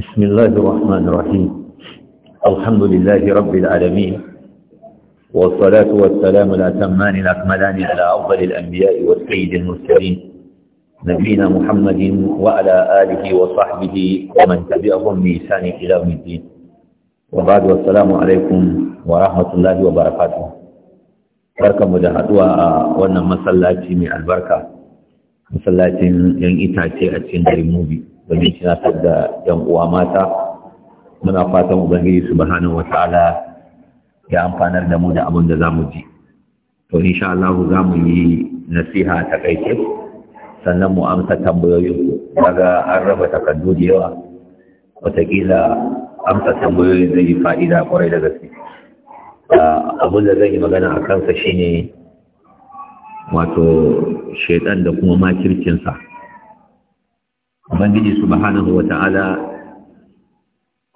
بسم الله الرحمن الرحيم الحمد لله رب العالمين والصلاة والسلام الأتمان الأكملان على أفضل الأنبياء والسيد المرسلين نبينا محمد وعلى آله وصحبه ومن تبعهم بإحسان إلى يوم الدين وبعد والسلام عليكم ورحمة الله وبركاته barkan mu da haduwa a wannan masallaci mai albarka masallacin yan itace a cikin garin mubi domin tunatar da ‘yan uwa mata muna fatan ubangiji subhanahu wa ta'ala ya amfanar da mu da abin da za mu ji to insha Allah za mu yi nasiha ta kaice sannan mu amsa tambayoyin daga an raba takardu da yawa wataƙila amsa tambayoyin zai yi fa'ida kwarai da gaske ah, abin da zan yi magana a kansa shine wato shaitan da kuma makircinsa ubangiji subhanahu wa ta'ala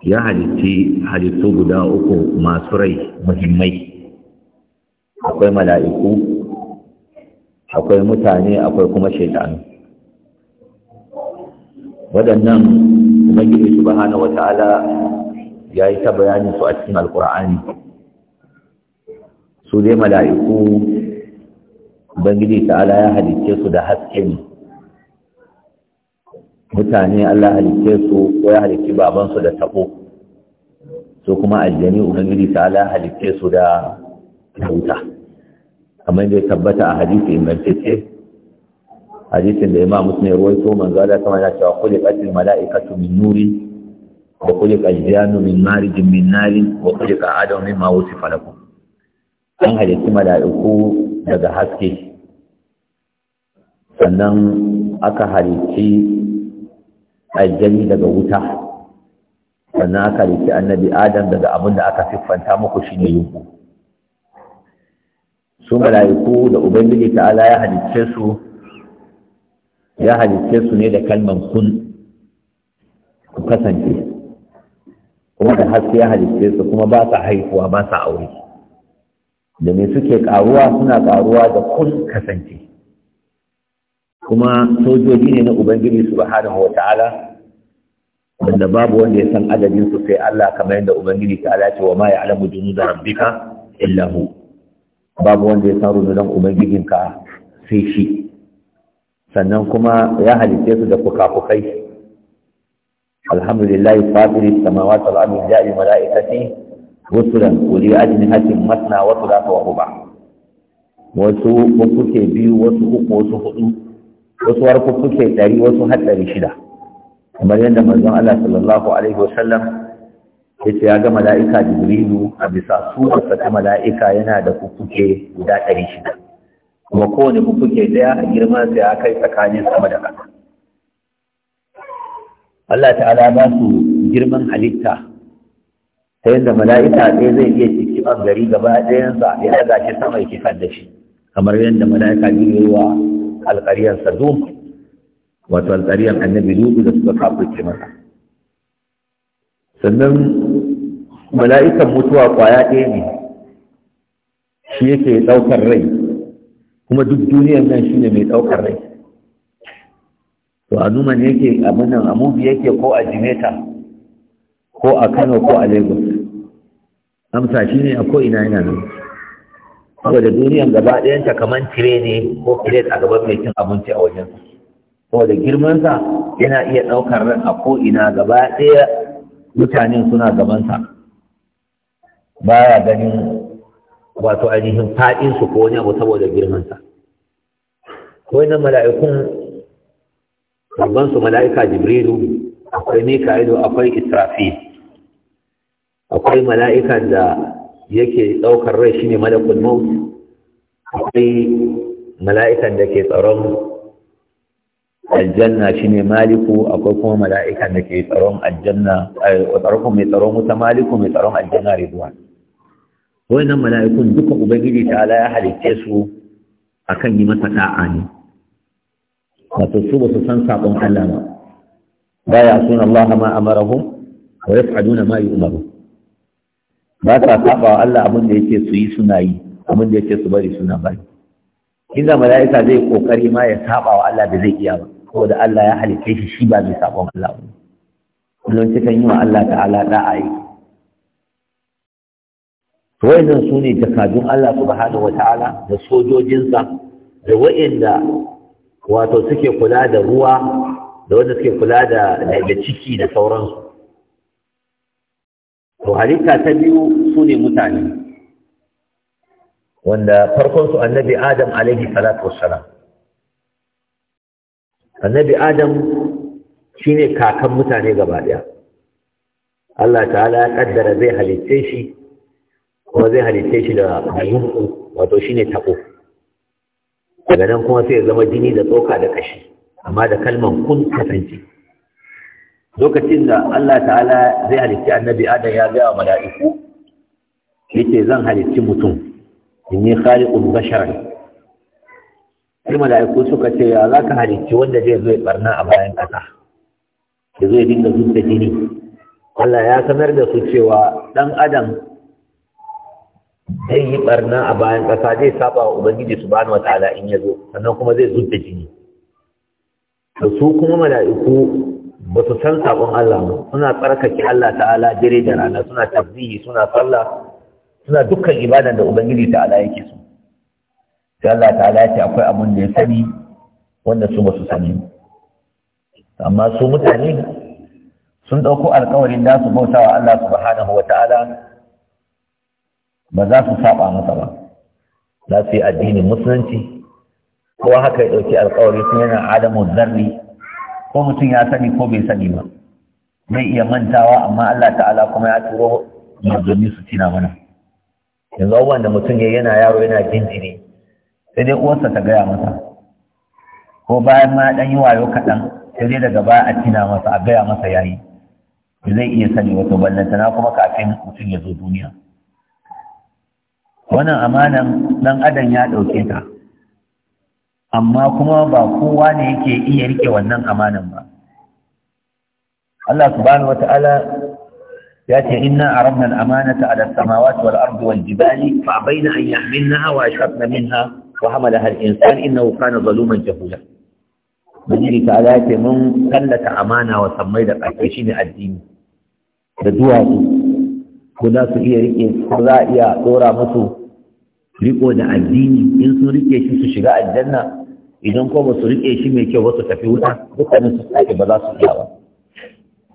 ya halitti halittu guda uku masu rai muhimmai akwai mala'iku akwai mutane akwai kuma shaitanu waɗannan ubangiji subhanahu wa ta'ala ya yi ta bayanin su a cikin alkur'ani su dai mala'iku ubangiji ta'ala ya halicce su da hasken mutane Allah halicce su ko ya halicci babansu da taɓo su kuma aljani ubangiji ta Allah halicce su da wuta kamar inda ya tabbata a hadisi ingantacce hadisin da imam muslim ya ruwaito manzo Allah ta mana cewa khuliqatil mala'ikatu min nuri wa khuliqa al min marijin min narin wa khuliqa adamu ma wusifa lakum an halicci mala'iku daga haske sannan aka halicci. aljani daga wuta sannan aka rike annabi adam daga abin da aka siffanta muku shine yunku su mala'iku da ubangiji ta'ala ya halicce su ya halicce su ne da kalman kun ku kasance kuma da haske ya halicce su kuma ba sa haifuwa ba sa aure da me suke karuwa suna karuwa da kun kasance kuma sojoji ne na ubangiji subhanahu wa ta'ala wanda babu wanda ya san adadin su sai Allah kamar yadda ubangiji ta alaci wa ma ya'lamu junuda rabbika illa hu babu wanda ya san Ubangijin ka sai shi sannan kuma ya halitte su da fukafukai alhamdulillah fadiri samawati wal ardi ja'i malaikati rusulan uli ajnihatin masna wa thulatha wa ruba wasu kuke biyu wasu uku wasu hudu wasu har kuke dari wasu har dari shida kamar yadda manzon Allah sallallahu alaihi wasallam yace ya ga mala'ika Jibrilu a bisa suwarsa ta mala'ika yana da kukuke guda ɗari shida kuma kowane kukuke ɗaya a girman sa ya kai tsakanin sama da ƙasa Allah ta'ala ba su girman halitta ta yadda mala'ika ɗaya zai iya ciki ɓangare gaba ɗayansa ya daga shi sama ya kifar da shi kamar yadda mala'ika biyu yi wa wato alƙariyar annabi dubu da suka ke masa sannan mala'ikan mutuwa kwaya ɗaya ne shi yake ɗaukar rai kuma duk duniyar nan shi ne mai ɗaukar rai to a numan yake abin nan a mubi yake ko a jimeta ko a kano ko a lagos amsa shi ne a ko'ina yana nan saboda duniyar gaba ɗayanta kamar tire ne ko plate a gaban mai cin abinci a wajen saboda girmansa yana iya ɗaukar ran a ko'ina gaba ɗaya mutanen suna gabansa baya ganin wato ainihin faɗinsu ko wani abu saboda girmansa wannan mala'ikun su mala'ika jibrilu akwai ido akwai Israfi, akwai mala'ikan da yake ɗaukar rai shine malakul maut akwai mala'ikan da ke tsaron aljanna shine maliku akwai kuma mala'ika da ke tsaron aljanna a eh, tsaron mai tsaron wuta maliku mai tsaron aljanna ridwan wannan mala'ikun duka ubangiji ta ala ya halitte su akan yi masa da'a ne wato su ba su san sakon Allah ba ba ya sun Allah ma amarahum wa yaf'aluna ma yu'maru ba ta saba wa Allah abin da yake su yi suna yi abin da yake su bari suna bari da mala'ika zai kokari ma ya saba wa Allah da zai iya ba saboda Allah ya halitta shi shi ba mai sabon Allah ba kullum kan yi wa Allah ta'ala da'a yi. to wayannan su ne jakadun Allah subhanahu ta'ala da sojojinsa da wayanda wato suke kula da ruwa da wanda suke kula da da ciki da sauransu to halitta ta biyu su ne mutane wanda farkonsu annabi adam alaihi salatu wassalam annabi adam shine kakan mutane gaba daya Allah ta'ala ya kaddara zai halitte shi kuma zai halitte shi da yunku wato shi ne taɓo daga nan kuma sai ya zama jini da tsoka da kashi amma da kalman kun kasance lokacin da Allah ta'ala zai halitti annabi adam ya gaya wa mala'iku ce zan halitti mutum in yi Khaliƙun basharan sai mala'iku suka ce ya za ka halicci wanda zai zo ya barna a bayan ƙasa ya zo ya dinga zuba jini Allah ya sanar da su cewa ɗan adam zai yi barna a bayan ƙasa zai saba wa ubangiji su bani ala in ya zo sannan kuma zai zuba jini da su kuma mala'iku ba su san saƙon Allah ba suna tsarkake Allah ta'ala dare da rana suna tabbihi, suna sallah suna dukkan ibadan da ubangiji ta'ala yake so sai Allah ta'ala ya ce akwai abun da ya sani wanda su ba su sani amma su mutane sun ɗauko alkawarin da su bauta wa Allah subhanahu wa ta'ala ba za su saba masa ba za su yi addinin musulunci ko haka ya ɗauki alkawari sun yana adamu zarri ko mutum ya sani ko bai sani ba zai iya mantawa amma Allah ta'ala kuma ya turo manzanni su tina mana yanzu abubuwan da mutum ya yana yaro yana jinjiri sai dai uwarsa ta gaya masa ko bayan ma dan yi wayo kaɗan sai dai daga baya a tina masa a gaya masa yayi zai iya sani wato na kuma kafin mutum ya zo duniya wannan amanan dan adam ya ɗauke ta amma kuma ba kowa ne yake iya rike wannan amanan ba Allah subhanahu ta'ala ya ce inna aradna al-amanata ala as-samawati wal ardi wal jibali fa bayna an yahmilnaha wa ashfaqna minha وحملها الإنسان إنه كان ظلوما جهولا Ubangiji ta ala ce mun kallata amana wa sammai da ƙarfi shi addini da duwatsu ko za su iya rike ko za a iya ɗora musu riko da addini in sun rike shi su shiga aljanna idan ko basu rike shi mai kyau ba su tafi wuta dukkanin su sake ba za su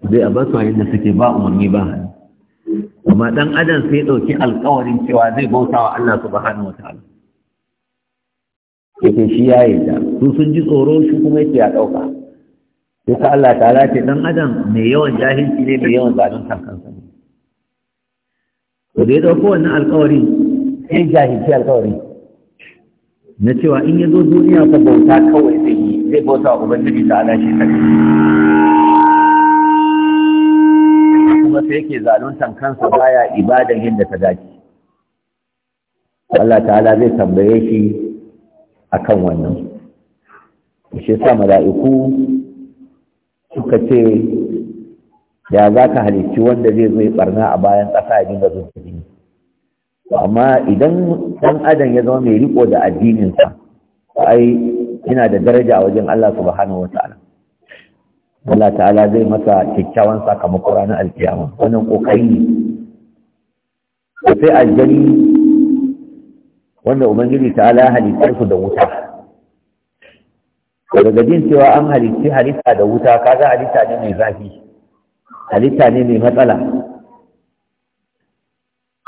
iya ba zai a yadda suke ba umarni ba hannu amma ɗan adam sai ɗauki alkawarin cewa zai bauta wa Allah subhanahu wa ta'ala yake shi ya yi da su sun ji tsoro shi kuma yake ya ɗauka sai ka Allah ta ce ɗan adam mai yawan jahilci ne mai yawan zalunta kansa ne to da ya ɗauko wannan alƙawari sai jahilci alƙawari na cewa in ya zo duniya ka bauta kawai zai yi zai bauta wa ubangiji ta ala shi kaɗai kuma sai yake zaluntan kansa baya ibadan yadda ta dace Allah ta'ala zai tambaye shi a kan wannan shi sa mala'iku suka ce ya za ka halicci wanda zai zo barna a bayan ƙasa ya dinga jini? amma idan ɗan adam ya zama mai riko da addininsa ai yana da daraja a wajen Allah subhanahu wataala Allah ta'ala zai masa kyakkyawan sakamakon ranar alkiyama wannan kokari ne sai aljani wanda ubangiji ta ala halittar su da wuta daga jin cewa an halitti halitta da wuta kaga halitta ne mai zafi halitta ne mai matsala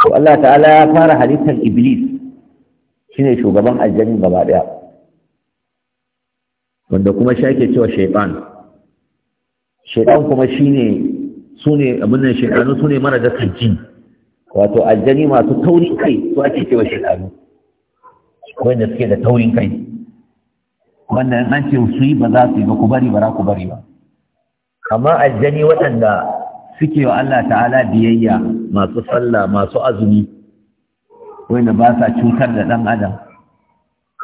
to Allah ta'ala ya fara halittar iblis ne shugaban aljanin gaba daya wanda kuma shake cewa shaytan shaytan kuma su ne abin nan su sune mara da jin wato aljani masu taurin kai su ake cewa shaytanu wanda suke da taurin kai wanda an ce su yi ba za su yi ba ku bari ba za ku bari ba amma aljani waɗanda suke wa Allah ta'ala biyayya masu sallah masu azumi wanda ba sa cutar da ɗan adam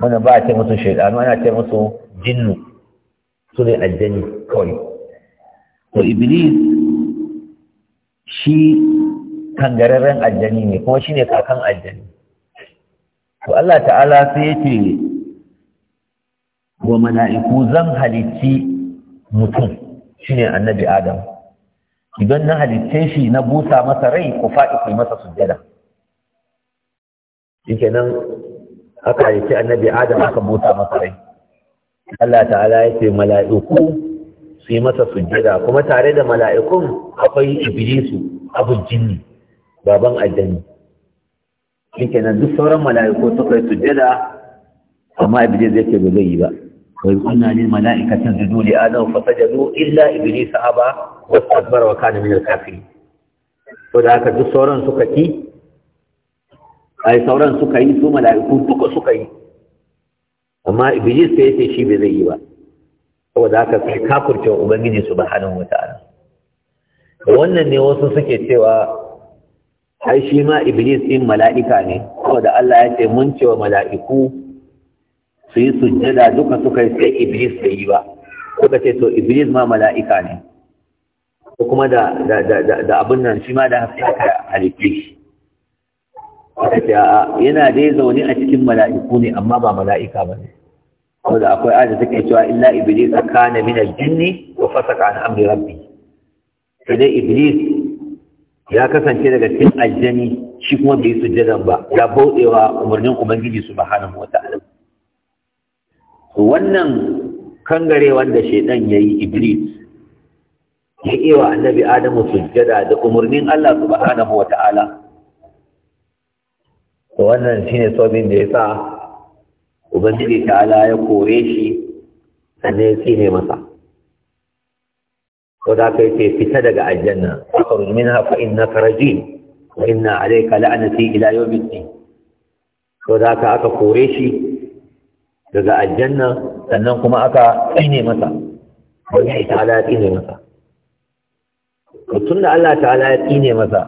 wanda ba a ce musu shaidanu ana ce musu jinnu su ne aljani kawai to iblis shi kangararren aljani ne kuma shi ne kakan aljani to Allah ta'ala sai yake wa mala'iku zan halicci mutum shine annabi adam idan na halicce shi na busa masa rai ko faɗi ko masa sujada. Yake nan aka halicci annabi adam aka busa masa rai Allah ta'ala ya ce mala'iku su yi masa sujada kuma tare da mala'ikun akwai iblisu abul jini, baban addani yake nan duk sauran mala'iku suka yi sujjada amma ibilis ya ce ba zai yi ba Wai kunna lil mala'ikati sujudu li adam fa sajadu illa iblis aba wa istakbara wa kana min al-kafirin to da haka duk sauran suka ki ai sauran suka yi su mala'iku duka suka yi amma ibilis sai ce shi ba zai yi ba saboda haka sai kafurce ubangiji subhanahu wa ta'ala wannan ne wasu suke cewa ai shi ma iblis din mala'ika ne saboda Allah ya ce mun cewa mala'iku su yi sujjada duka suka yi sai iblis bai yi ba suka ce to iblis ma mala'ika ne ko kuma da da da da abin nan shi ma da haka halitti aka ce a'a yana dai zaune a cikin mala'iku ne amma ba mala'ika ba ne saboda akwai aji da take cewa illa iblis kana min al-jinni wa fasaka an amri rabbi sai iblis ya kasance daga cikin aljani shi kuma bai sujjadan ba ya bauɗewa umarnin ubangiji su subhanahu wata'ala wannan kangare wanda shaidan yi iblis ya yi wa annabi adamu sujjada da umarnin Allah su subhanahu wata'ala wannan shi ne sobin da ya sa ubangiji ta Ala ya kore shi sannan ya tsine masa ko da kai ce fita daga aljanna fakar min hafa inna karajin wa inna alaika la'anati ila yawmin din ko da ka aka kore shi daga aljanna sannan kuma aka tsine masa wani ita ala ya tsine masa tun da Allah ta'ala ya tsine masa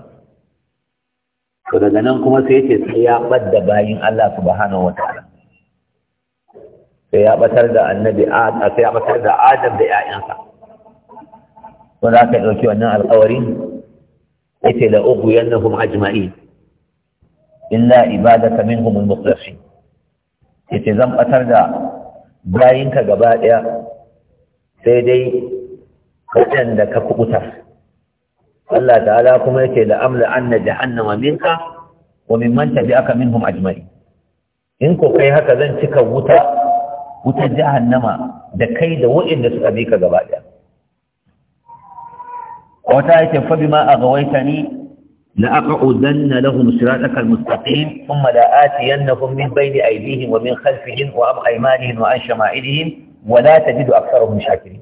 to daga nan kuma sai ce sai ya ɓadda bayin Allah subhanahu wa ta'ala sai ya ɓatar da annabi sai ya batar da adam da 'ya'yansa ko za ka ɗauki wannan alkawari ya ce uku yanna kuma ajma'i illa ibada ka min kuma mutlafi ya ce zan ɓatar da bayinka gaba ɗaya sai dai da ka kubuta Allah ta'ala kuma ya ce amla anna jahannama minka wa mimman tabi'aka minhum ajma'i in ko kai haka zan cika wuta wutar jahannama da kai da waɗanda suka bi ka gaba ɗaya wata yake fa bima aghwaytani la aqudanna lahum siratakal mustaqim thumma la atiyannahum min bayni aydihim wa min khalfihim wa am aymanihim wa an shama'ilihim wa la tajidu aktharahum shakirin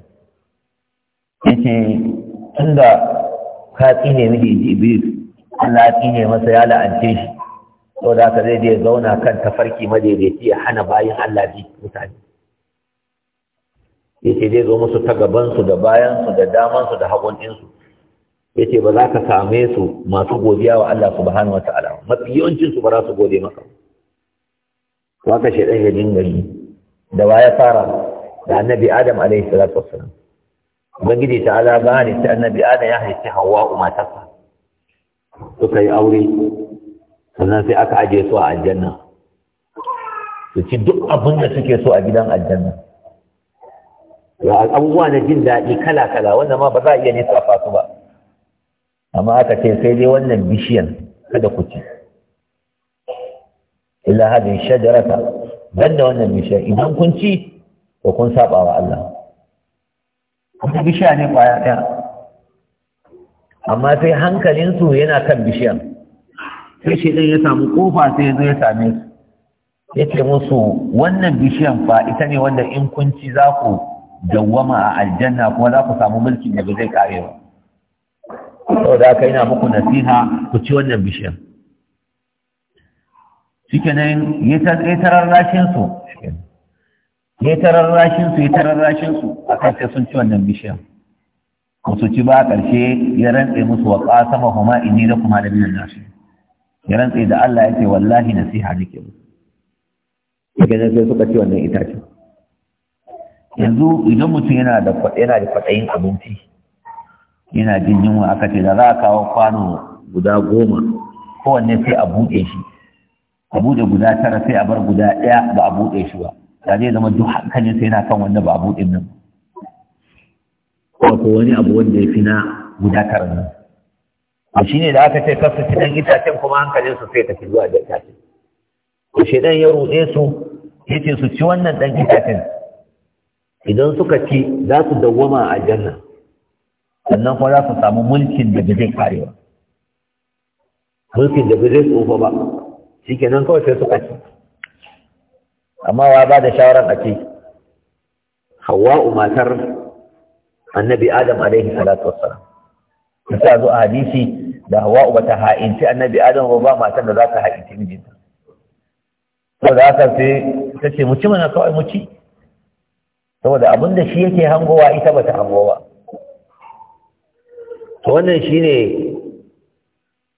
yace tunda ka tsine mini Iblis Allah ya tsine masa ya la'ance shi to da haka zai je zauna kan tafarki madaidaici ya hana bayin Allah bi mutane yace zai zo musu ta gaban su da bayan su da daman su da hagun din su yace ba za ka same su masu godiya wa Allah subhanahu wataala mafi yawancin su ba za su gode maka to shi shedan ya da yi da ya fara da annabi adam alaihi salatu wassalam ubangiji ta ala ba ne ta annabi adam ya haifi hawa matarsa suka yi aure sannan sai aka aje su a aljanna su ci duk abin da suke so a gidan aljanna abubuwa na jin daɗi kala-kala wanda ma ba za a iya nisa su ba amma aka ce sai dai wannan bishiyan kada ku ci illa hadin shajarata dan da wannan bishiyan idan kun ci ko kun saba wa Allah kuma bishiya ne kwaya ɗaya amma sai hankalinsu yana kan bishiyan sai shi ɗin ya samu ƙofa sai ya zo ya same su ya ce musu wannan bishiyan fa ita ne wanda in kun ci za ku dawwama a aljanna kuma za ku samu mulkin da ba zai ƙare ba saboda haka ina muku nasiha ku ci wannan bishiyar shikenan ya tarar rashin su ya tarar rashin su ya tarar rashin su akan sai sun ci wannan bishiyar musu ci ba a ƙarshe ya rantse musu wa ƙasama kuma inni da kuma da minan nasu ya rantse da Allah ya ce wallahi nasiha nake musu daga nan sai suka ci wannan itacen yanzu idan mutum yana da yana da kwaɗayin abinci yana jin yunwa aka ce da za a kawo kwano guda goma kowanne sai a buɗe shi a buɗe guda tara sai a bar guda ɗaya ba a buɗe shi ba da zai zama duk hankalin sai yana kan wanda ba a buɗe nan wato wani abu wanda ya fi na guda tara nan to ne da aka ce kasu ci ɗan itacen kuma hankalin su sai tafi zuwa da itacen to shedan ya ruɗe su Ya ce su ci wannan ɗan itacen idan suka ci za su dawwama a janna sannan kuma za su samu mulkin da zai ba mulkin da zai tsofa ba shi kenan kawai sai suka ci amma wa ba da shawarar a ce hawa'u matar annabi adam a alaihi salatu wasu ta zo a hadisi da hawa uba ta ha'inci annabi adam ba ba matar da za ta ha'inci mijinta sau da haka sai ta ce mu ci mana kawai mu ci saboda abin da shi yake hangowa ita ba ta hangowa wannan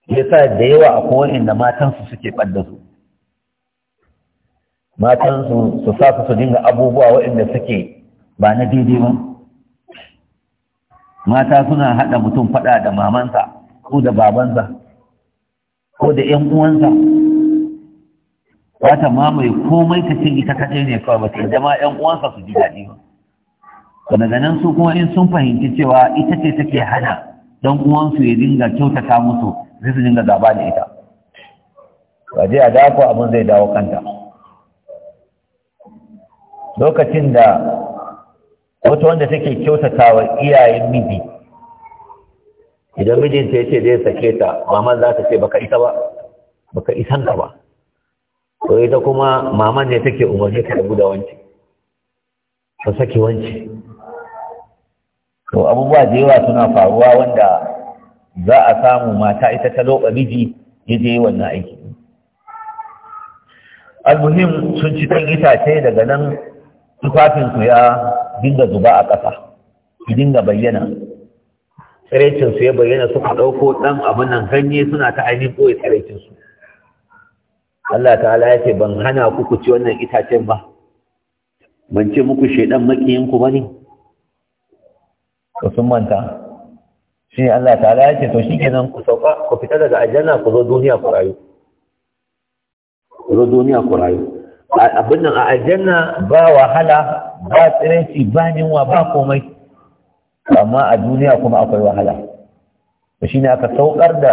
ya sa da yawa a wanda matan matansu suke ɓadda su matansu su sa su dinga abubuwa waɗanda suke ba na daidai ba mata suna haɗa mutum faɗa da mamansa ko da babansa ko da 'yan uwansa wata mamaye komai ta cin ita kaɗai ne kawai ba ta jama ‘yan uwansa su ji daɗi ba daga nan su kuma in sun fahimci cewa ita ce take hana dan uwansu ya dinga kyautata musu sai su dinga zaba da ita ba je a dako abin zai dawo kanta lokacin da wata wanda take kyautata wa iyayen miji idan mijinta ya ce zai sake ta maman za ta ce baka isa ba baka isan ka ba ko ita kuma maman ne take umarni ta da wance sake wanci to abubuwa da yawa suna faruwa wanda za a samu mata ita ta loba miji ya je wannan aiki muhim sun ci ɗan itace daga nan tufafinsu ya dinga zuba a ƙasa su dinga bayyana tsiraicinsu ya bayyana suka ɗauko ɗan abin nan ganye suna ta ainihin ɓoye tsiraicinsu Allah ta'ala ya ce ban hana ku ku ci wannan itacen ba ban ce muku shaidan makiyinku ba ne? to sun manta shi ne Allah ta'ala ya ce to shi kenan ku sauka ku fita daga aljanna ku zo duniya ku rayu ku zo duniya ku rayu abin nan a aljanna ba wahala ba tsiranci ba ninwa ba komai amma a duniya kuma akwai wahala to shi ne aka saukar da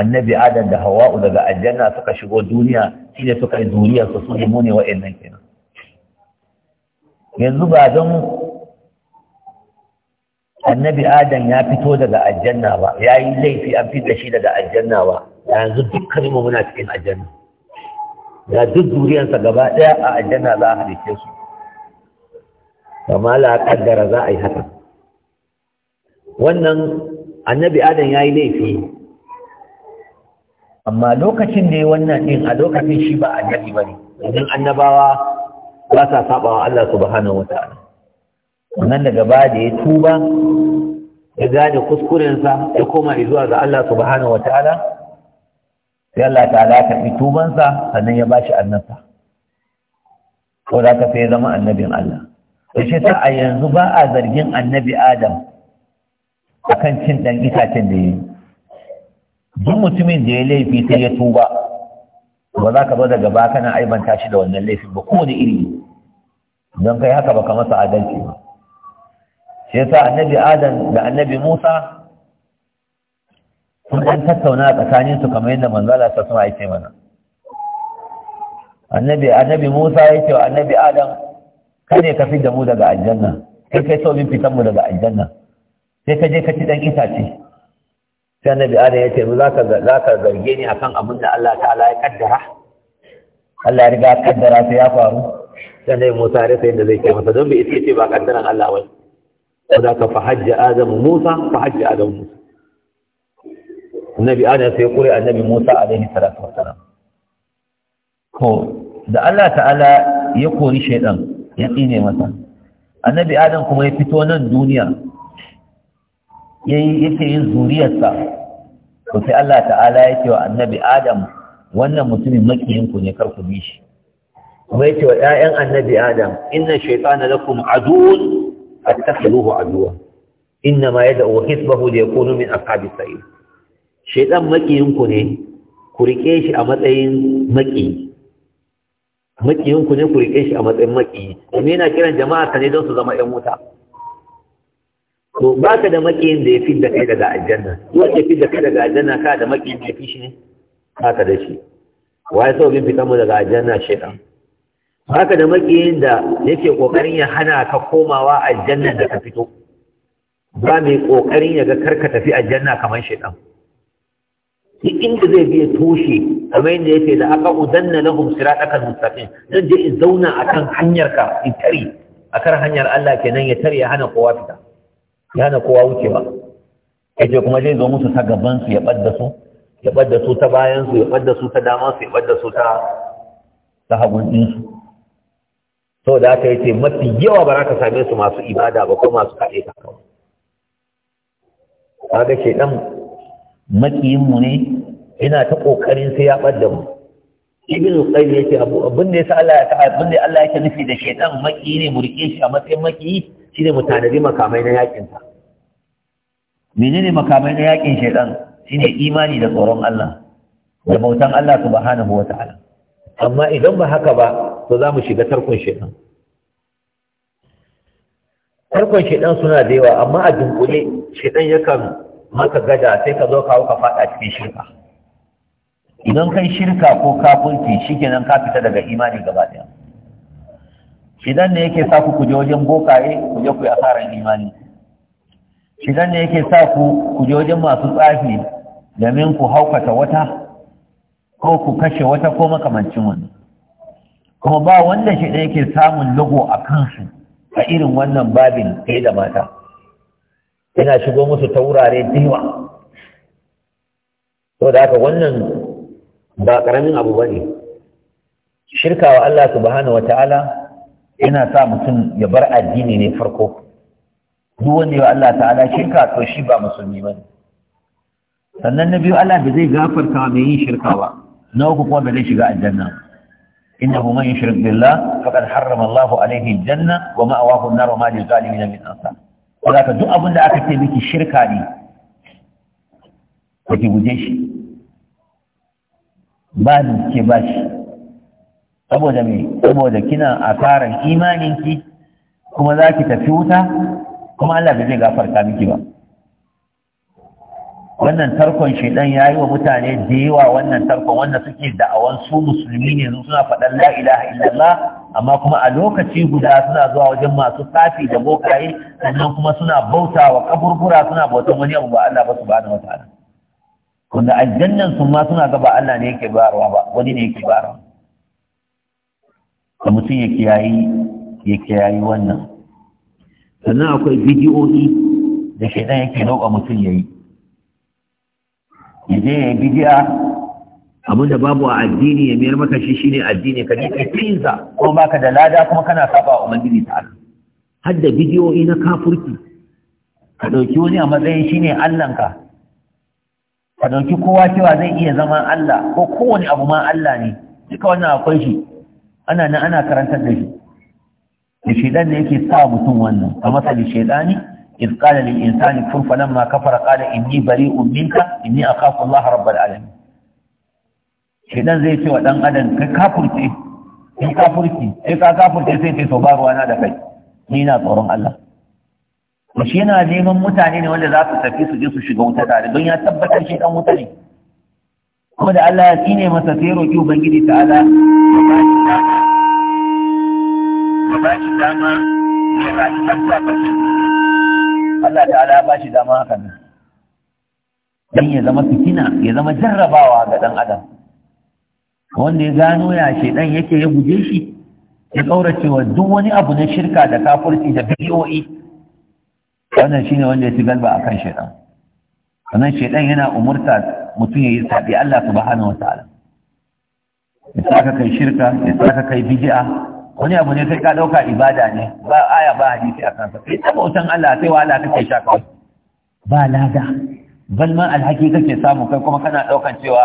annabi adam da hawa'u daga aljanna suka shigo duniya shi ne suka yi duniya su su ne mu ne wa'annan kenan yanzu ba don annabi adam ya fito daga aljanna ba ya yi laifi an fi da shi daga aljanna ba yanzu dukkan mu muna cikin aljanna ya duk zuriyarsa gaba ɗaya a aljanna za a halice su kama la kaddara za a yi haka wannan annabi adam ya yi laifi amma lokacin da ya wannan din a lokacin shi ba annabi ba ne domin annabawa ba sa sabawa Allah subhanahu wa ta'ala Nan daga ba da ya tuba ya gane kuskurensa ya koma zuwa ga Allah subhanahu wataala sai Allah ta'ala ta karbi tubansa sannan ya bashi annabta ko za ka sai zama annabin Allah to shi ta a yanzu ba a zargin annabi Adam akan cin dan itacen da yayi duk mutumin da ya laifi sai ya tuba ba za ka zo daga ba kana aibanta shi da wannan laifin ba kowane iri don kai haka baka masa adalci ba shi yasa annabi adam da annabi musa sun ɗan tattauna tsakanin su kamar yadda manzala ta suna ake mana annabi annabi musa ya ce wa annabi adam ne ka fi da mu daga aljanna kai kai sau bin fitan mu daga aljanna sai ka je ka ci ɗan itace sai annabi adam ya ce za ka zarge ni akan abin da Allah ta'ala ya kaddara Allah ya riga kaddara sai ya faru sai annabi musa ya rasa yadda zai ce masa don bai iske ce ba kaddaran Allah wai saboda fa hajja adamu musa fa hajja adamu musa annabi adam sai kure annabi musa alaihi salatu wassalam to da Allah ta'ala ya kori shaidan ya tsine masa annabi adam kuma ya fito nan duniya yayi yake yin zuriyarsa Ko sai Allah ta'ala ya ce wa annabi adam wannan mutumin makiyin ku ne kar ku bi shi kuma ya ce wa 'ya'yan annabi adam inna shaytana lakum aduwwun attakhiluhu aduwa innama yad'u hizbahu liyakunu min ashabi sa'id shaytan makiyin ku ne ku rike shi a matsayin maki makiyin ku ne ku rike shi a matsayin maki kuma yana kiran jama'a ka ne don su zama yan wuta to baka da makiyin da ya fidda kai daga aljanna wanda ya fidda kai daga aljanna ka da makiyin da ya fi ne haka da shi waye fitan mu daga aljanna shaytan haka da makiyin da yake kokarin ya hana ka komawa aljanna da ka fito ba mai kokarin ya ga karka tafi aljanna kamar shaitan duk inda zai biya toshe kamar yadda yake da aka udanna lahum siratakal mustaqim zan je in zauna akan hanyar ka in tare akan hanyar Allah kenan ya tare ya hana kowa fita ya hana kowa wucewa je kuma zai zo musu ta gaban su ya ɓadda su ya ɓadda su ta bayan su ya ɓadda su ta dama su ya ɓadda su ta ta hagun din su so da aka yi ce mafi yawa ba za ka same su masu ibada ba ko masu kaɗe ka kawai kaga shaidan makiyinmu ne yana ta ƙoƙarin sai ya ɓadda mu ibn ya ce abu abin da sa Allah ya ta abin da Allah ke nufi da shaidan maki ne mu rike shi a matsayin maki shine mu tanadi makamai na yakin sa menene makamai na yakin shi shine imani da tsoron Allah da bautan Allah subhanahu ta'ala amma idan ba haka ba to za mu shiga tarkon shaidan tarkon shaidan suna da yawa amma a dunkule shaidan yakan maka gada sai ka zo kawo ka fada cikin shirka idan kai shirka ko ke nan ka fita daga imani gaba ɗaya shidan ne yake sa ku kuje wajen bokaye ku je ku yi asarar imani shidan ne yake sa ku kuje wajen masu tsafi domin ku haukata wata ko ku kashe wata ko makamancin wannan kuma ba wanda shi ke samun lugo a kansu a irin wannan babin ɗaya da mata yana shigo musu ta wurare diwa saboda haka wannan ba ƙaramin abu ba ne shirkawa Allah subhanahu wata'ala yana sa mutum ya bar addini ne farko duk wanda ya Allah ta'ala shirka to shi ba musulmi ba ne sannan na biyu Allah da zai gafarta mai yin shirkawa na uku kuma ba zai shiga aljanna إنه من يشرك بالله فقد حرم الله عليه الجنة ومأواه النار وما للظالمين من أنصار وذاك دو أبن دا أكتب بك الشركة دي وكي بجيش بان كباش أبو دمي أبو دكنا أثار الإيمان كي كما ذاك تفوتا كما الله بزي غفر كامي كبا wannan tarkon shaidan ya yi wa mutane da yawa wannan tarkon wanda suke da'awan su musulmi ne suna faɗan la ilaha illallah amma kuma a lokaci guda suna zuwa wajen masu tafi da bokaye sannan kuma suna bauta wa kaburbura suna bautan wani abu ba Allah ba subhanahu wataala wanda aljannan su ma suna gaba Allah ne yake bayarwa ba wani ne yake bayarwa da mutum ya kiyayi ya kiyayi wannan sannan akwai bidiyoyi da shaidan yake nau'a mutum ya yi ya bidiya abin da babu a addini ya miyar maka shi shine addini ka je tinza ko baka da lada kuma kana saba wa ta ta'ala har da bidiyoyi na kafurki ka dauki wani a matsayin shine allanka ka dauki kowa cewa zai iya zama Allah ko kowane abu ma Allah ne duka wannan akwai shi ana nan ana karantar da shi da shaidan ne yake sa mutum wannan a matsayin shaidani إذ قال للإنسان كفر فلما كفر قال إني بريء منك إني أخاف الله رب العالمين shedan zai ce wa ɗan adam kai kafurce kai kafurce kai ka kafurce sai ce to na da kai ni na tsoron Allah to shi yana neman mutane ne wanda za su tafi su je su shiga wuta tare don ya tabbatar shi dan wuta ne kuma da Allah ya tsine masa sai roƙi ubangiji ta ala, ba ba shi dama ya ba shi dama ya ba shi Allah ta'ala ya bashi dama haka nan dan ya zama fitina ya zama jarrabawa ga dan adam wanda ya gano ya shedan yake ya guje shi ya kaurace duk wani abu na shirka da kafirci da bidiyoyi wannan shine wanda ya ci galba akan shedan wannan shedan yana umurta mutum ya yi sabi Allah subhanahu wataala ya saka kai shirka ya saka kai bid'a wani abu ne sai ka ɗauka ibada ne ba aya ba hadisi a kansa sai ta bautan Allah sai wahala kake sha kawai ba lada bal ma alhaki kake samu kai kuma kana ɗaukan cewa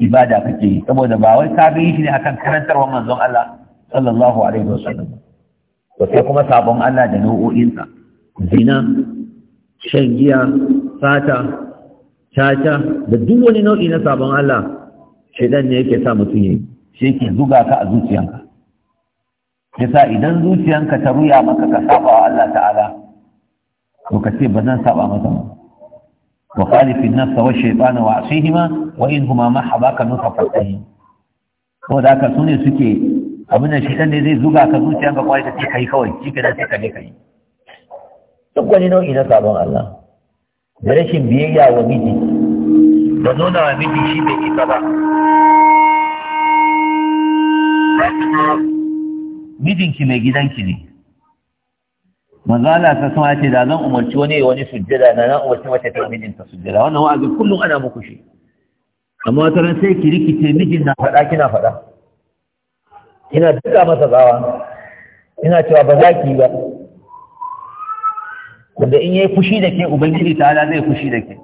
ibada kake yi saboda ba wai ka bi shi ne akan karantarwa manzon Allah sallallahu alaihi wasallam to sai kuma sabon Allah da nau'o'insa zina shan giya sata, caca da duk wani nau'i na sabon Allah shedan ne yake sa mutum yi shi yake zuga ka a zuciyanka yasa idan zuciyanka ta ruya maka ka saba wa Allah ta'ala to ka ce ba zan saba masa ba wa khalifin nafsa wa shaytan wa asihima wa in huma ma habaka nuka fatahi ko da ka sune suke abin da shi dan ne zai zuga ka zuciyanka kwai ta ce kai kawai shi ka dace ka ne kai duk wani nau'i na sabon Allah da rashin biyayya wa miji da nuna wa miji shi bai isa ba mijinki mai gidanki ne manzala ta sama ce da zan umarci wani wani sujjada na zan umarci wata ta mijinta sujjada wannan wa'azi kullum ana muku shi amma ta ran sai ki rikice mijin na faɗa kina faɗa kina duka masa tsawa ina cewa ba za ki yi ba wanda in yayi fushi da ke ubangiji ta ala zai fushi da ke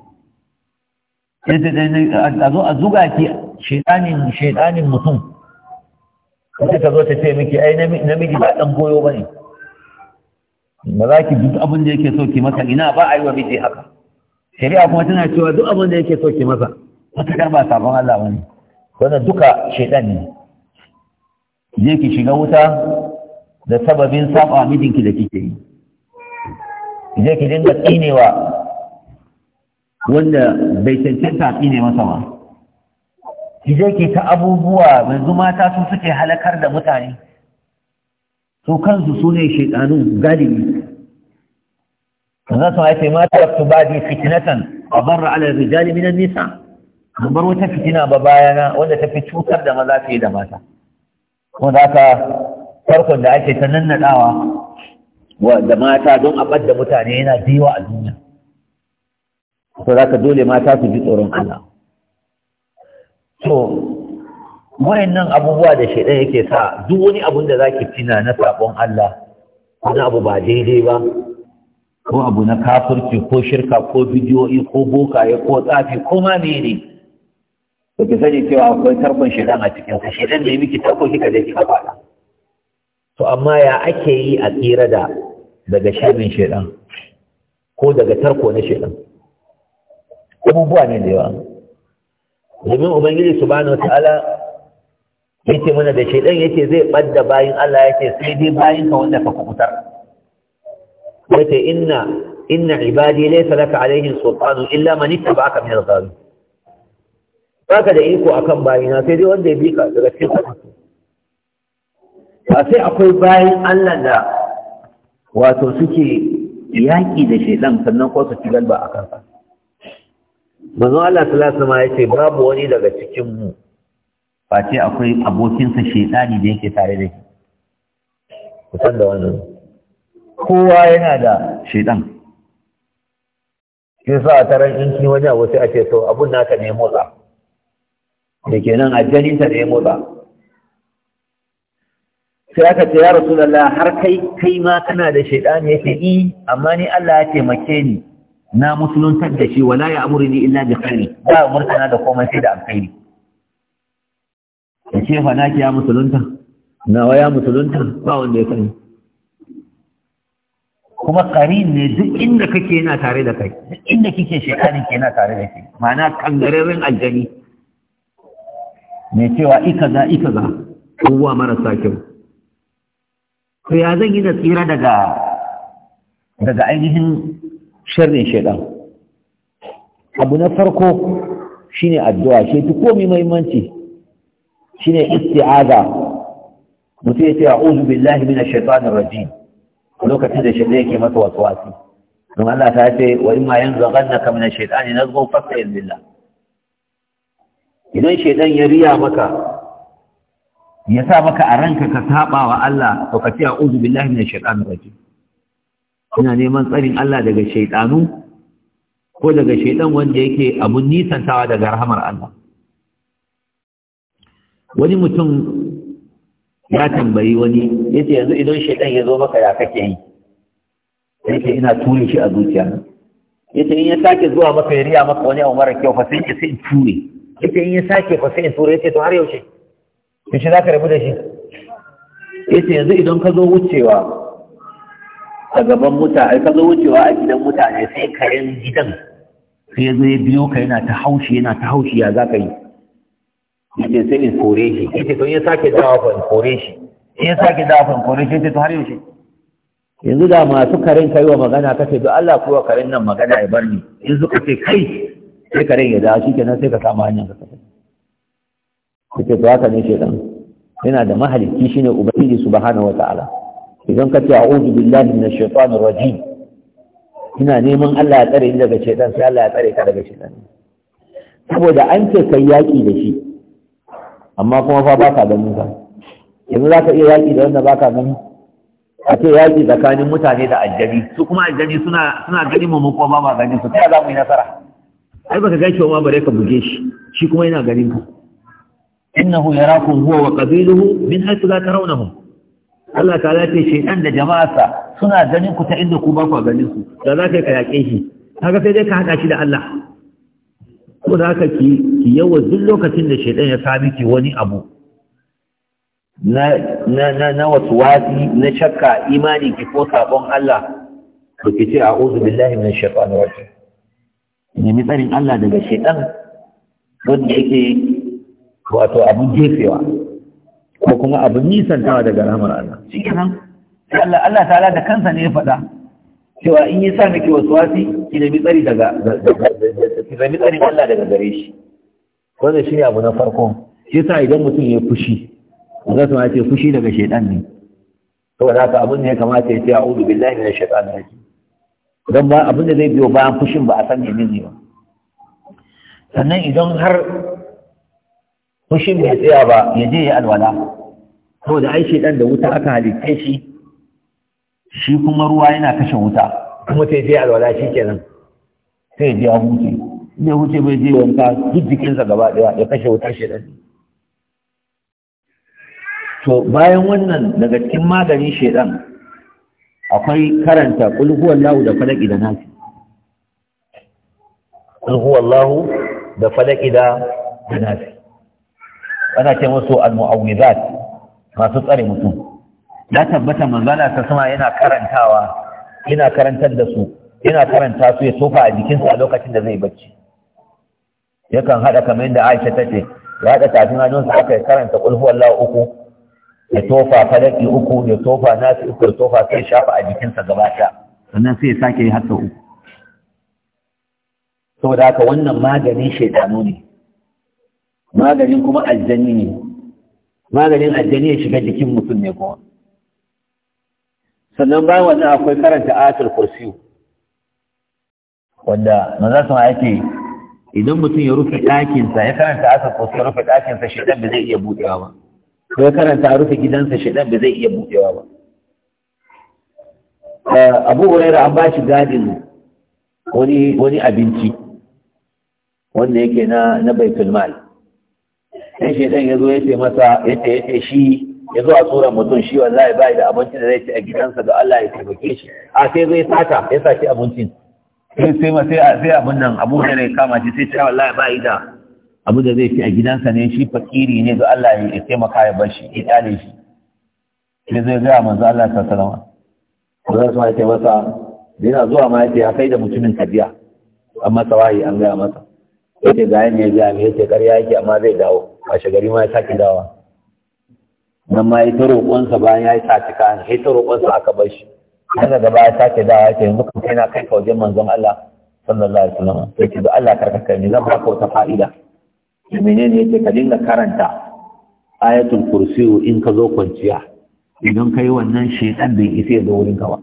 a zo a zuga ki shaidanin shaidanin mutum kace ta zo ta ce miki ai namiji ba dan goyo bane ba za ki duk abin da yake so ki masa ina ba a yi wa miji haka shari'a kuma tana cewa duk abin da yake so ki masa matakar ba sabon Allah bane wannan duka shaidan ne je ki shiga wuta da sababin saba mijinki da kike yi je ki dinga tsinewa wanda bai cancanta tsine masa ba ki je ki ta abubuwa yanzu mata su suke halakar da mutane su kansu su ne shaidanun galibi za su haife mata su ba bi fitinatan a barra ala rijali minan nisa an wata fitina ba bayana wanda ta fi cutar da maza fiye da mata kuma da aka farkon da ake ta nannaɗawa da mata don a ɓadda mutane yana da a duniya to za ka dole mata su ji tsoron Allah to wayannan abubuwa da shaidan yake sa duk wani abun da zaki tina na sabon Allah wani abu ba daidai ba ko abu na kafirci ko shirka ko bidiyoyi ko bokaye ko tsafi ko ma mene to ki sani cewa akwai tarkon shaidan a cikin sa shaidan ne miki tarko kika je kika fada to amma ya ake yi a tsira da daga shamin shaidan ko daga tarko na shaidan abubuwa ne da yawa domin ubangiji subhanahu wataala yace mana da shedan yake zai ɓadda bayan Allah yake sai dai bayan ka wanda ka kubutar yace inna inna ibadi laysa laka alaihin sultanu illa ba aka miyar zaru Ba ka da iko akan bayina sai dai wanda ya bi ka daga cikin ba sai akwai bayan Allah da wato suke yaƙi da shaidan sannan ko su ci galba a kansa manzon Allah sallallahu alaihi wasallam babu wani daga cikin mu face akwai abokinsa shedani da yake tare da shi kusan da wannan kowa yana da shedan Ke sa a taron in kin wani abu sai a ce to abun naka ne motsa da kenan ta ne motsa sai aka ce ya rasulullah har kai kai ma kana da shedani yake yi. Eh, amma ni Allah ya taimake ni na musuluntar da shi wala ya amuri ni illa bi khairi ba murtana da komai sai da alkhairi ya ce fa ki ya musulunta nawa ya musulunta ba wanda ya sani kuma karin ne duk inda kake yana tare da kai duk inda kike shekarin ke yana tare da kai ma'ana kangararren aljani mai cewa ika za ika za kowa marasa kyau ko ya zan yi da tsira daga daga ainihin sharrin shaidan abu na farko shine addu'a shi ta komai muhimmanci shine isti'aza mutum ya ce a'udhu billahi minash shaitanir rajim lokacin da shaidan yake masa waswasi don Allah ta ce wa imma yanzaghannaka minash shaitani nazghu fasta'in billah idan shaidan ya riya maka ya sa maka a ranka ka saba wa Allah to ka ce a'udhu billahi minash shaitanir rajim ina neman tsarin Allah daga shaidanu ko daga shaidan wanda yake abun nisantawa daga rahamar Allah wani mutum ya tambayi wani Ya ce yanzu idan shaidan ya zo maka ya kake yi yake ina ture shi a zuciya Ya ce in ya sake zuwa maka ya riya maka wani abu mara kyau fa sai in ture ce in ya sake fa sai ture ce to har yaushe ce za ka rabu da shi Ya ce yanzu idan ka zo wucewa a gaban mutane ka zo wucewa a gidan mutane sai karen gidan sai ya zai biyo ka yana ta haushi yana ta haushi ya za ka yi yace sai in kore shi Ita to ya sake dawa fa in kore shi ya sake dawa fa in kore shi yace to har yaushe yanzu da masu karen kai wa magana kace to Allah ko wa karen nan magana ya bar ni yanzu ka ce kai sai karen ya dawo shikenan sai ka samu hanyar ka tafi kace to haka ne shedan yana da mahalicci shine ubangiji subhanahu wataala idan ka ce a'udhu billahi minash shaitanir rajim ina neman Allah ya tsare ni daga shaitan sai Allah ya tsare ka daga shaitan saboda an ce kai yaki da shi amma kuma fa baka ganin sa yanzu zaka iya yaki da wanda baka gani a ce yaki tsakanin mutane da ajabi su kuma ajabi suna suna gani mu kuma ba ma gani su ta za mu yi nasara ai baka gaishe ma bare ka buge shi shi kuma yana ganin ka innahu yarakum huwa wa qabiluhu min haythu la tarawnahum Allah ta zafi shaidan da jama'arsa suna ganin ku ta inda ku ba ku ganin ku. da za ka yi kayake shi haka sai dai ka haɗa shi da Allah ko da haka ki ki yawa duk lokacin da shaidan ya sami ki wani abu na na na wasu wasi na shakka imani ki ko sabon Allah to ki ce a'udhu billahi minash shaitani rajim nemi tsarin Allah daga shaidan wanda yake wato abun jefewa ko kuma abin nisantawa daga rahmar Allah shi Allah Allah ta'ala da kansa ne ya faɗa cewa in yi sa miki wasu wasi ki nemi tsari daga ki nemi tsarin Allah daga gare shi wannan shi ne abu na farko shi sa idan mutum ya fushi za su ce fushi daga shaidan ne da haka abin da ya kamata ya ce udu billahi minash shaitanir rajim Don ba abin da zai biyo bayan fushin ba a san ne ba sannan idan har fushin bai tsaya ba ya je ya alwala saboda ai ɗan da wuta aka halitta shi shi kuma ruwa yana kashe wuta kuma sai je alwala shi kenan sai je ya huce ne huce bai je wanka duk jikinsa gaba daya ya kashe wutar shedan to bayan wannan daga cikin maganin shaidan akwai karanta kulhuwallahu da falaki da nasi kulhuwallahu da falaki da nasi ana ce musu al-mu'awwizat masu tsare mutum na tabbata manzala ta sama yana karantawa yana karantar da su yana karanta su ya tofa a jikinsa a lokacin da zai bacci yakan haɗa kamar yadda Aisha ta ce ya haɗa tafin sa aka karanta qul huwallahu uku ya tofa falaki uku ya tofa nasi uku ya tofa sai shafa a sa gaba ta sannan sai ya sake yi hasa uku saboda haka wannan maganin shaidanu ne maganin kuma aljani ne maganin aljani ya shiga jikin mutum ne kuma sannan bayan wannan akwai karanta ayatul kursi wanda maza sama yake idan mutum ya rufe ɗakinsa ya karanta ayatul kursi ya rufe ɗakinsa shedan ba zai iya buɗewa ba ko ya karanta a rufe gidansa shedan ba zai iya buɗewa ba eh, abu huraira an bashi gadin wani abinci wanda yake na na baitul mal sai shaidan ya zo ya ce masa ya ce ya ce shi ya zo a tsoron mutum shi wallahi bai da abinci da zai ci a gidansa ga Allah ya taimake shi a sai zai sata ya shi abincin sai sai ma sai sai abun nan abu ne ya kama shi sai ce wallahi ba da abu da zai ci a gidansa ne shi fakiri ne ga Allah ya taimaka ya bar shi ya dale shi sai zai ga manzo Allah sallallahu alaihi wasallam Allah ya masa yana zuwa ma yace ya kai da mutumin kadiya amma tawayi an ga masa yace ga yayin ya ga me yace ƙarya yake amma zai dawo washe gari ma ya sake dawa nan ma ya ta roƙonsa bayan ya yi cika kayan ya ta roƙonsa aka bar shi har daga baya sake dawa ya ce yanzu kan kai na kai ka wajen manzon Allah sallallahu alaihi wasallam ya ce da Allah karka kai ni zan ka wata fa'ida shi menene yace ka dinga karanta ayatul kursi in ka zo kwanciya idan kai wannan shedan bai isa ya zo wurin ka ba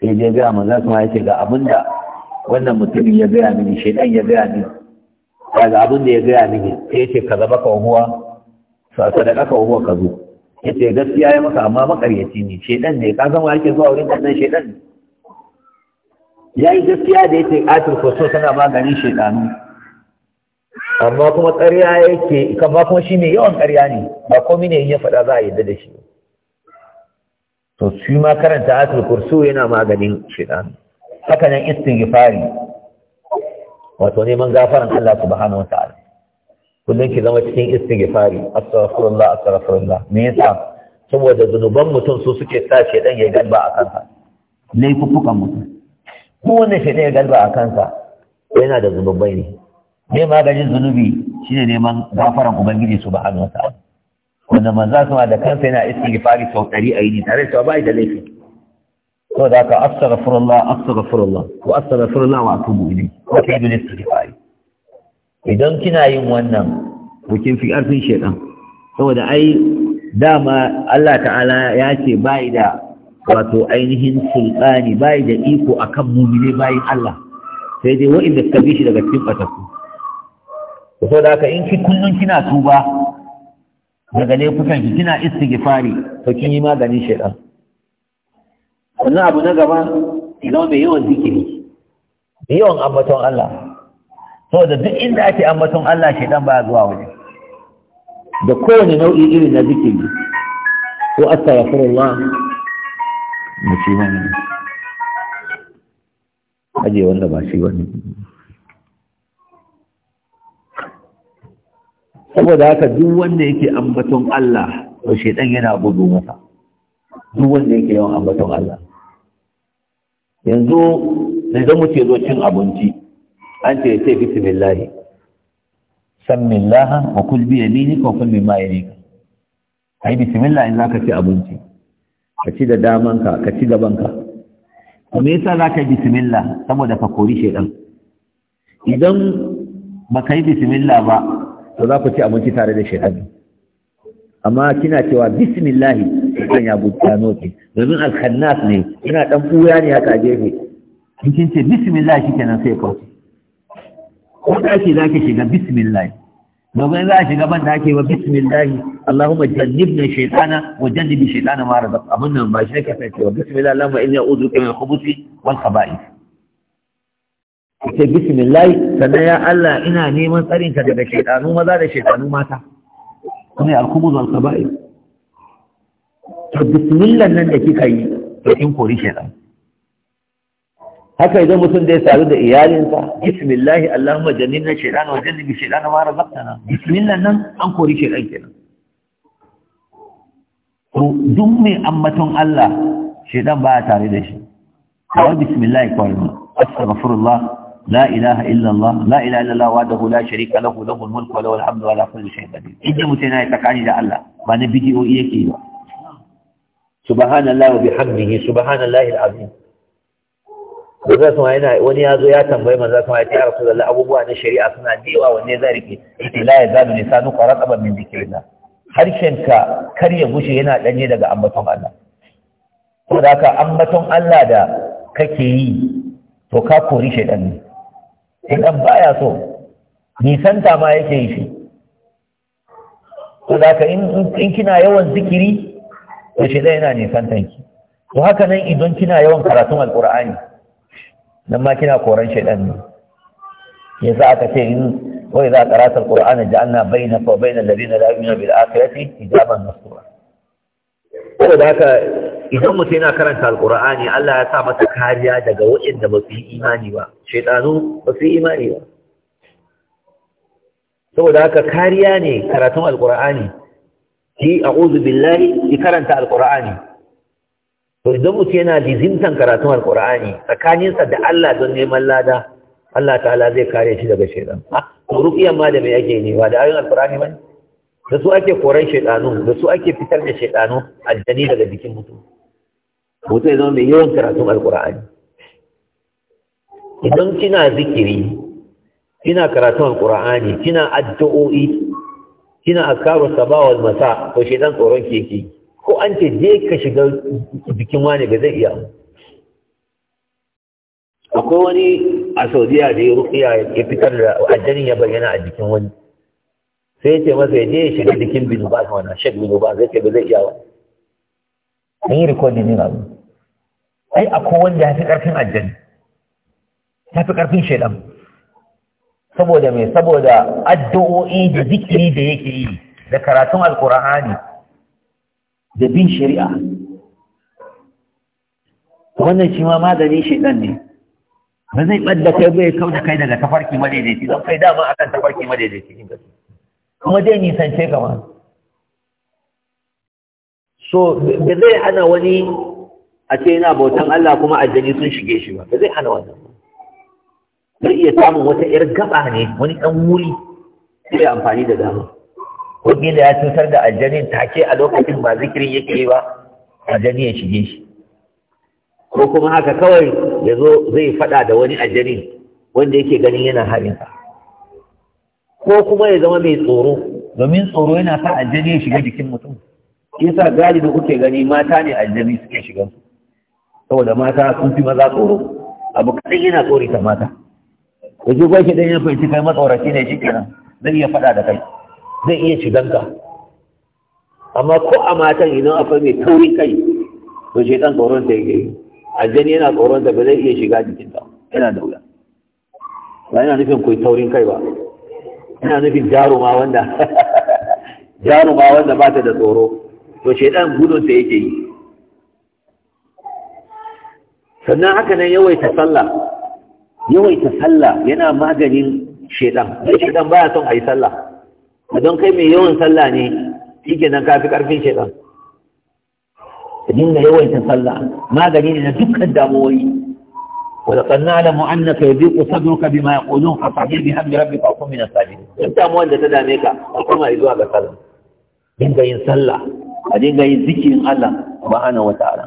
sai je ga manzon Allah ya ce ga abinda wannan mutumin ya gaya mini shedan ya gaya mini daga abin da ya gaya mini sai ya ce ka zama ka huwa sa sadaka ka huwa ka zo ya ce gaskiya ya maka amma makaryaci ne shaidan ne ka zama yake zuwa wurin kannan shaidan ne ya yi gaskiya da ya ce ƙatil kwaso tana maganin shaidanu amma kuma karya yake kama kuma shi ne yawan karya ne ba komi ne ya faɗa za a yadda da shi to shi ma karanta atul kursu yana maganin shedanu haka nan istighfari wato neman gafaran Allah subhanahu wa ta'ala kullum ki zama cikin istighfari astaghfirullah astaghfirullah me yasa saboda zunuban mutum su suke sa dan ya galba a kansa laifuffukan mutum wanda shedan ya galba a kansa yana da zanubai ne me maganin zunubi shine neman gafaran ubangiji subhanahu wa ta'ala wanda manzo sama da kansa yana istighfari sau 100 a yini tare da ba da laifi ko da ka asara astaghfirullah astaghfirullah ko astaghfirullah wa atubu ilayhi ko kai da istighfari idan kina yin wannan kin fi arfin shedan saboda ai dama Allah ta'ala ya ce bai da wato ainihin sultani bai da iko akan mumine bayin Allah sai dai wa'inda suka bi shi daga cikin bataku so ka haka in ki kullun kina tuba daga laifukan ki kina istighfari to kin yi maganin shaytan sannan abu na gaba idan mai yawan zikiri mai yawan ambaton Allah saboda duk inda ake ambaton Allah dan ba zuwa wajen da kowane nau'i irin na zikiri ko astaghfirullah mu ci wani aje wanda ba shi wani saboda haka duk wanda yake ambaton Allah to shaidan yana gudu masa duk wanda yake yawan ambaton Allah yanzu da muke zo cin abinci an ce sai bismillahi Laha wa kul bi yaminika wa kul mimma yalika ai bismillah in zaka ci abinci ka ci da damanka ka ci gabanka to me yasa zaka yi bismillah saboda ka kori shedan idan baka yi bismillah ba to za ku ci abinci tare da shedan amma kina cewa bismillahi buɗe a ce domin alkannas ne yana ɗan ɓuya ne haka gefe in kin ce bismillah kenan sai ka ko za ka shiga bismillah domin za a shiga ban da ake wa bismillah Allahumma jannibna shaitana, wa jannibi shaitana mara razaq abun nan ba shi ka sai wa bismillah ya inni a'udhu mai min khubuthi wal khaba'ith ce bismillah sannan ya Allah ina neman tsarinka daga shaitanu maza da shaitanu mata ya al-khubuz wal khaba'ith to bismillah nan da kika yi to in kori shaitan haka idan mutum zai sadu da iyalinsa bismillah allahumma jannibna shaitan wa jannibi shaitan ma razaqtana bismillah nan an kori shaitan kenan to duk mai ammaton Allah shaitan baya tare da shi kawai bismillah kawai astaghfirullah لا إله إلا الله لا إله إلا الله وحده لا شريك له له الملك وله الحمد ولا كل شيء قدير إذا متنا يتكاني ده الله ما نبيتي أو إيه كيلو subhanallahi wa bihamdihi subhanallahi alazim da kuma yana wani ya zo ya tambayi manzo kuma ya ce ya rasulullahi abubuwa na shari'a suna dewa wanne zai rike la ya zalu lisanu qarataban min dhikrillah Harshen ka karya gushe yana danye daga ambaton Allah saboda haka ambaton Allah da kake yi to ka kori shaydan ne shaydan baya so nisanta ma yake yi shi saboda haka in kina yawan zikiri ya shi ɗaya yana nisantan ki to haka nan idan kina yawan karatun alƙur'ani nan ma kina koran shaidan ne Ya sa aka ce in wai za karata alƙur'ani bai na labi na labi na yu'minuna bil akhirati hijaban ko saboda haka idan mutum yana karanta alkur'ani Allah ya sa masa kariya daga waɗanda ba su yi imani ba shaidanu ba su yi imani ba saboda haka kariya ne karatun alkur'ani ki a'udhu billahi ki karanta alqur'ani to idan mutum yana lizimtan karatun alqur'ani tsakaninsa da Allah don neman lada Allah ta'ala zai kare shi daga shaidan. Ah, to ruqiya ma da me ake ne ba da ayoyin alqur'ani ne? da su ake koran shaidanu, da su ake fitar da shaidanu aljani daga jikin mutum mutum ya zama mai yawan karatun alqur'ani idan kina zikiri kina karatun alqur'ani kina addu'o'i kina askaru saba wal masa to shedan tsoron keke? ko an ce je ka shiga bikin wani ba zai iya akwai wani a saudiya da ya rukiya ya fitar da ajiyar ya bayyana a jikin wani sai ya ce masa ya je ya shiga jikin bin ba ta wana shek bin ba zai ce ba zai iya wani an yi rikodin yin abu ai akwai wanda ya fi ƙarfin ajiyar ya fi ƙarfin shaidan saboda mai saboda addu'o'i da zikiri da yake yi da karatun alkur'ani da bin shari'a wannan shi ma shi shaidan ne ba zai ɓadda kai bai kau da kai daga tafarki madaidaiti don kai dama akan tafarki madaidaiti in gaske kuma zai nisance kama so ba zai hana wani a ce yana bautan Allah kuma aljani sun shige shi ba ba zai hana wannan ba zai iya samun wata yar gaba ne wani ɗan wuri sai amfani da dama wani da ya cutar da aljanin take a lokacin ba zikirin yake ba aljani ya shige shi ko kuma haka kawai ya zo zai faɗa da wani aljanin wanda yake ganin yana harinsa ko kuma ya zama mai tsoro domin tsoro yana sa aljani ya shiga jikin mutum yasa galibi kuke gani mata ne aljani suke shiga saboda mata sun fi maza tsoro abu kaɗan yana tsorita mata da ji gwai ɗan ya fahimci kai matsoraci ne shi kenan zai iya faɗa da kai zai iya shiganka amma ko a matan idan akwai mai taurin kai to shi ɗan tsoron ta yake aljani yana tsoron ta ba zai iya shiga jikinta yana da wuya ba yana nufin kai taurin kai ba yana nufin jaruma wanda jaruma wanda ba ta da tsoro to shi ɗan gudun ta yake yi sannan haka nan yawaita sallah yawaita sallah yana maganin shedan dan shedan baya son ayi sallah don kai mai yawan sallah ne ke nan kafi karfin shedan ka dinga yawaita sallah magani ne na dukkan damuwoyi ولقد نعلم ya يضيق صدرك bi يقولون فاصبر بهم ربك kuma na sami انت مو da ta dame ka kuma zuwa ga sallah dinga yin sallah a dinga yin zikirin Allah wata ala.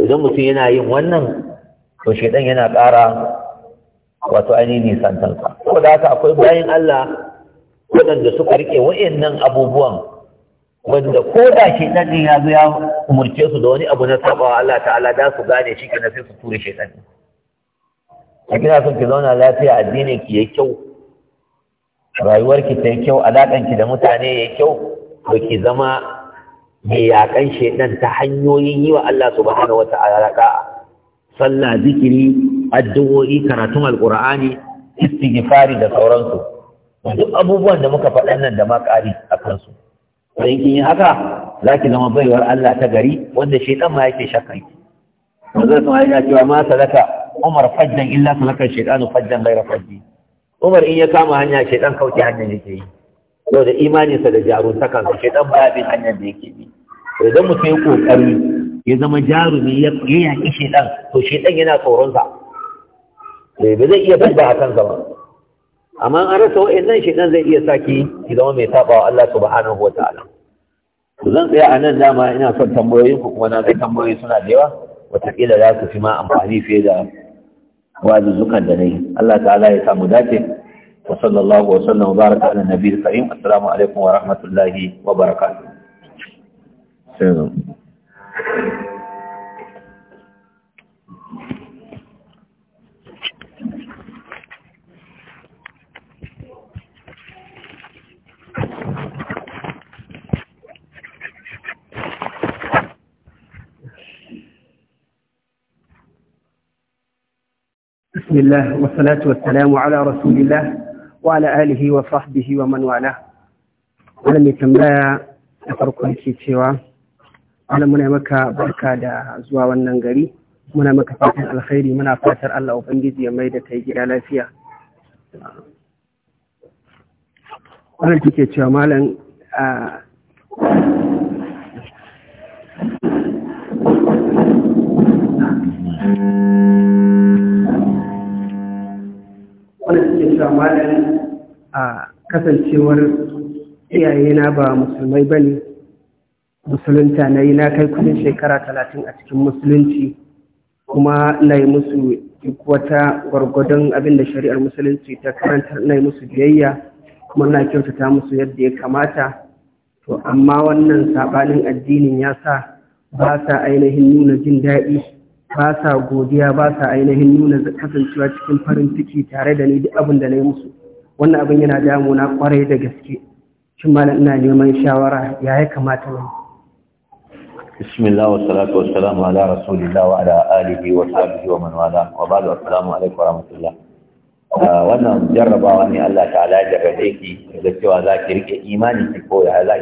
idan mutum yana yin wannan to dan yana ƙara wato ainihin nisantansa ko da haka akwai bayan Allah waɗanda suka riƙe wayannan abubuwan wanda ko da shaidan ne ya zo ya umurce su da wani abu na sabawa Allah ta'ala da su gane shi na sai su ture shaidan ne kina son ki zauna lafiya addinin ki yayi kyau rayuwar ki ta kyau alaƙan ki da mutane yayi kyau to ki zama mai yaƙan shaidan ta hanyoyin yi wa Allah subhanahu wa ta'ala sallah zikiri addu'o'i karatun alqur'ani istighfari da sauransu duk abubuwan da muka faɗan nan da ma ƙari a kansu sai kin yi haka za ki zama baiwar Allah ta gari wanda shaitan ma yake shakkan ki wanda sun aika cewa ma sadaka Umar fajjan illa sadaka shaitanu fajjan gaira fajji Umar in ya kama hanya shaitan kauce hanyar yake yi saboda imaninsa da jaruntakan shaitan baya bin hanyar da mutum ya ya zama jarumi ya yaƙi shedan to shedan yana tsoronsa eh, ba zai iya fada a kansa ba amma an rasa wa'annan shedan zai iya saki ki zama mai saba wa Allah subhanahu ta'ala. to zan tsaya a nan dama ina son tambayoyin ku kuma na ga tambayoyi suna da yawa wataƙila za su fi ma amfani fiye da wazuzzukan da na yi Allah ta'ala ya samu dace wa الله وسلم وبارك على النبي الكريم السلام wa rahmatullahi wa وبركاته بسم الله والصلاة والسلام على رسول الله وعلى آله وصحبه ومن والاه wannan mai tambaya da farko yake cewa Allah maka barka da zuwa wannan gari muna maka fatan alkhairi muna fatar Allah ubangiji ya mai da kai gida lafiya wannan take cewa wanda suke cewa a kasancewar iyayena ba musulmai ba ne musulunta na yi na kai kudin shekara talatin a cikin musulunci kuma na yi musu duk wata gwargwadon abin da shari'ar musulunci ta karanta na yi musu biyayya kuma na kyautata musu yadda ya kamata to amma wannan saɓanin addinin ya sa ba sa ainihin nuna jin daɗi ba sa godiya ba sa ainihin nuna kasancewa cikin farin ciki tare da ni duk abin da na yi musu wannan abin yana damuna kwarai da gaske shin malam ina neman shawara ya ya kamata ne bismillah wa salatu wa salamu ala rasulillah wa ala alihi wa sahbihi wa man wala wa ba'du assalamu alaikum wa rahmatullah ah, wannan jarrabawa ne Allah ta'ala ya jarrabe ki da cewa za ki rike imani ki ko ya za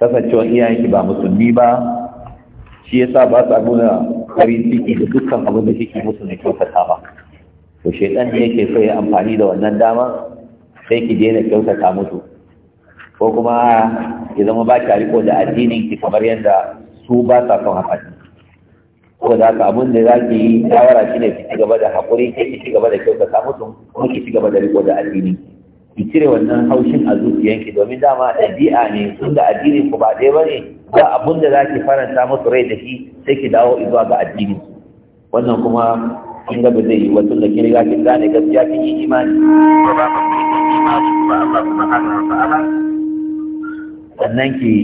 kasancewa iyayenki ba musulmi ba shi ya sa ba sa nuna farin ciki da dukkan abin da shi musu na kyautata ba to shaitan ne yake so ya amfani da wannan dama sai ki daina kyautata musu ko kuma ya zama ba ki riko da addinin ki kamar yadda su ba sa son haka ko da haka abin da za ki yi shawara shi ne ki ci gaba da haƙuri ki ci gaba da kyautata musu kuma ki ci gaba da riko da addinin ki ki cire wannan haushin a zuciyanki domin dama ɗabi'a ne tun da addinin ku ba ɗaya bane ba abun da za ki faranta musu rai da shi sai ki dawo zuwa ga addini wannan kuma kin ga ba zai yi wasu da kin riga kin gane gaskiya kin yi imani ba ba ku yi imani ba Allah subhanahu wa ta'ala sannan ki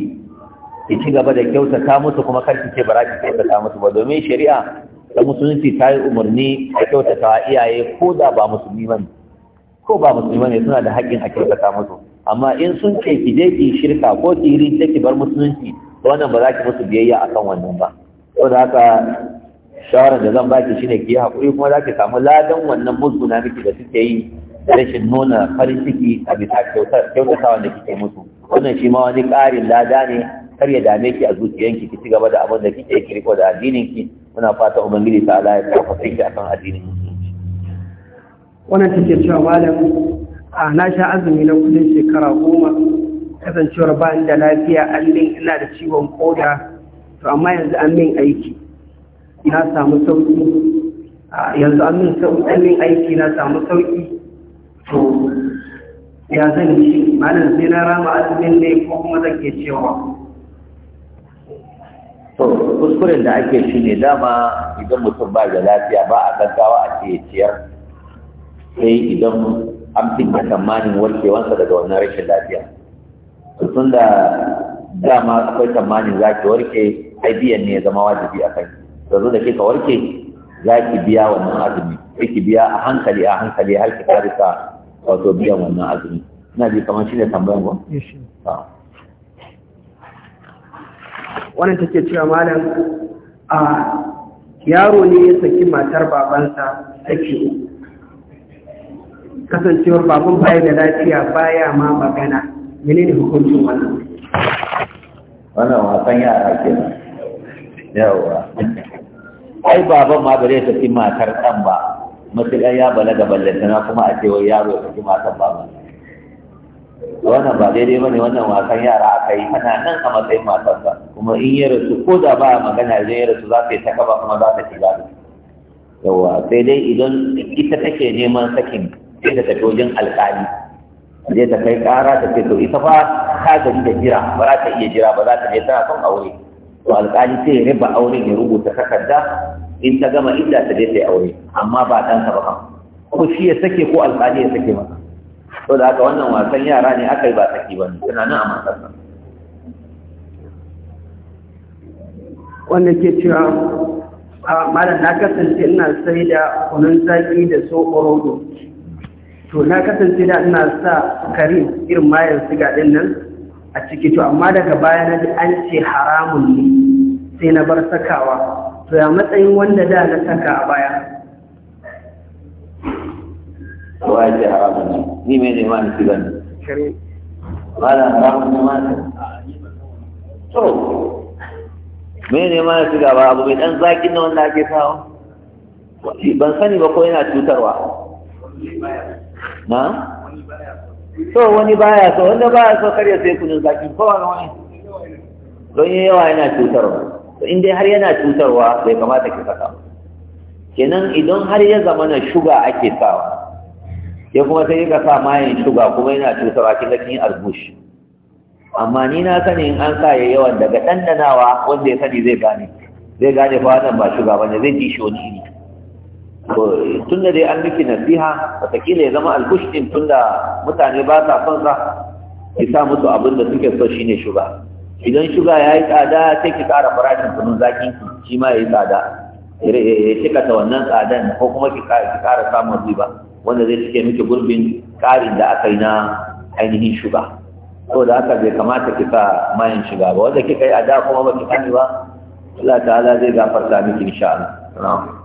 ki ci gaba da kyautata musu kuma kar ki ce ba za ki kyautata musu ba domin shari'a ta musulunci ta yi umarni a kyautata iyaye ko da ba musulmi ba ne ko ba musulmi ne suna da haƙƙin a kyautata musu amma in sun ce ki je ki shirka ko ki yi ta ki bar musulunci wannan ba za ki musu biyayya a kan wannan ba da haka shawarar da zan baki shine ki yi haƙuri kuma za ki samu ladan wannan musguna miki da suke yi rashin nuna farin ciki a bisa kyautatawa da kike musu wannan shi ma wani ƙarin lada ne kar ya dame ki a zuciyanki ki ci gaba da abin da kike kirko da addinin ki muna fata ubangiji ta Allah ya kai ki kan addinin wannan take cewa malam a na sha azumi na kudin shekara goma kasancewar ba da lafiya allin ina da ciwon koda to amma yanzu an min aiki na samu sauki yanzu an min sauki an min aiki na samu sauki to ya zan ci malam sai na rama azumin ne ko kuma zan ke cewa to kuskuren da ake shi ne dama idan mutum ba da lafiya ba a gaggawa a ce ciyar sai idan an fita tsammanin warkewansa daga wannan rashin lafiya to tun da dama akwai tsammanin za ki warke ai biyan ne ya zama wajibi a kai yanzu da kika warke za ki biya wannan azumi sai ki biya a hankali a hankali har ki karisa wato biyan wannan azumi ina ji kamar shi ne tambayan ba ah. wannan take cewa malam a ah, yaro ne ya saki matar babansa take uku kasancewar babun baya da lafiya baya ma magana mene ne hukuncin wannan wannan wasan yara ke yawa ai baban ma bare ta tafi matar dan ba matuƙar ya bala ballanta na kuma a ce wai yaro ya tafi matar ba wannan ba daidai bane wannan wasan yara akai yi nan a matsayin matar matarsa kuma in ya rasu ko da ba magana idan ya rasu za ta yi ta kaba kuma za ta ci gado yawa sai dai idan ita take neman sakin sai ta tafi wajen alƙali zai ta kai ƙara ta ce to ita fa ta gari da jira ba za ta iya jira ba za ta je tana son aure to alƙali sai ya riba aure ya rubuta takarda in ta gama inda ta je ta yi aure amma ba ɗansa ba kan ko shi ya sake ko alƙali ya sake maka to da haka wannan wasan yara ne aka yi ba saki ba ne suna nan a nan. wanda ke cewa a ah, malam na kasance ina sai da kunun zaki da tsohon rodo to na kasance da ina sa sukari irin mayar siga din nan a ciki to amma daga baya na ji an ce haramun ne sai na bar sakawa to ya matsayin wanda da na saka a baya to ai ce haramun ne ni me ne ma ni siga ne malam haramun ne ma to me ne ma siga ba abu mai dan zakin na wanda ake sawa ban sani ba ko yana cutarwa na so wani baya so wanda baya so kar ya sai kunun zaki ko wani don yi yawa yana cutarwa to in dai har yana cutarwa bai kamata ki saka kenan idan har ya zama na shuga ake sawa ya kuma sai ka sa mayin shuga kuma yana cutarwa kin ga kin arbush amma ni na sani in an sa ya yawan daga dandanawa wanda ya sani zai gane zai gane fa wannan ba shuga bane zai ji shi wani iri tun da dai an miki nasiha watakila ya zama albushin tun da mutane ba sa son sa ki sa musu abin da suke so shine shuga idan shuga ya yi tsada sai ki ƙara farashin kunun zakin ki shi ma ya yi tsada ya cikata eh, eh, wannan tsadan ko kuma ki ƙara samun riba wanda zai cike miki gurbin ƙarin da aka yi na ainihin shuga ko da haka bai kamata ki sa mayan shiga ba wanda kika yi a da kuma ba ki sani ba Allah ta'ala zai gafarta miki insha Allah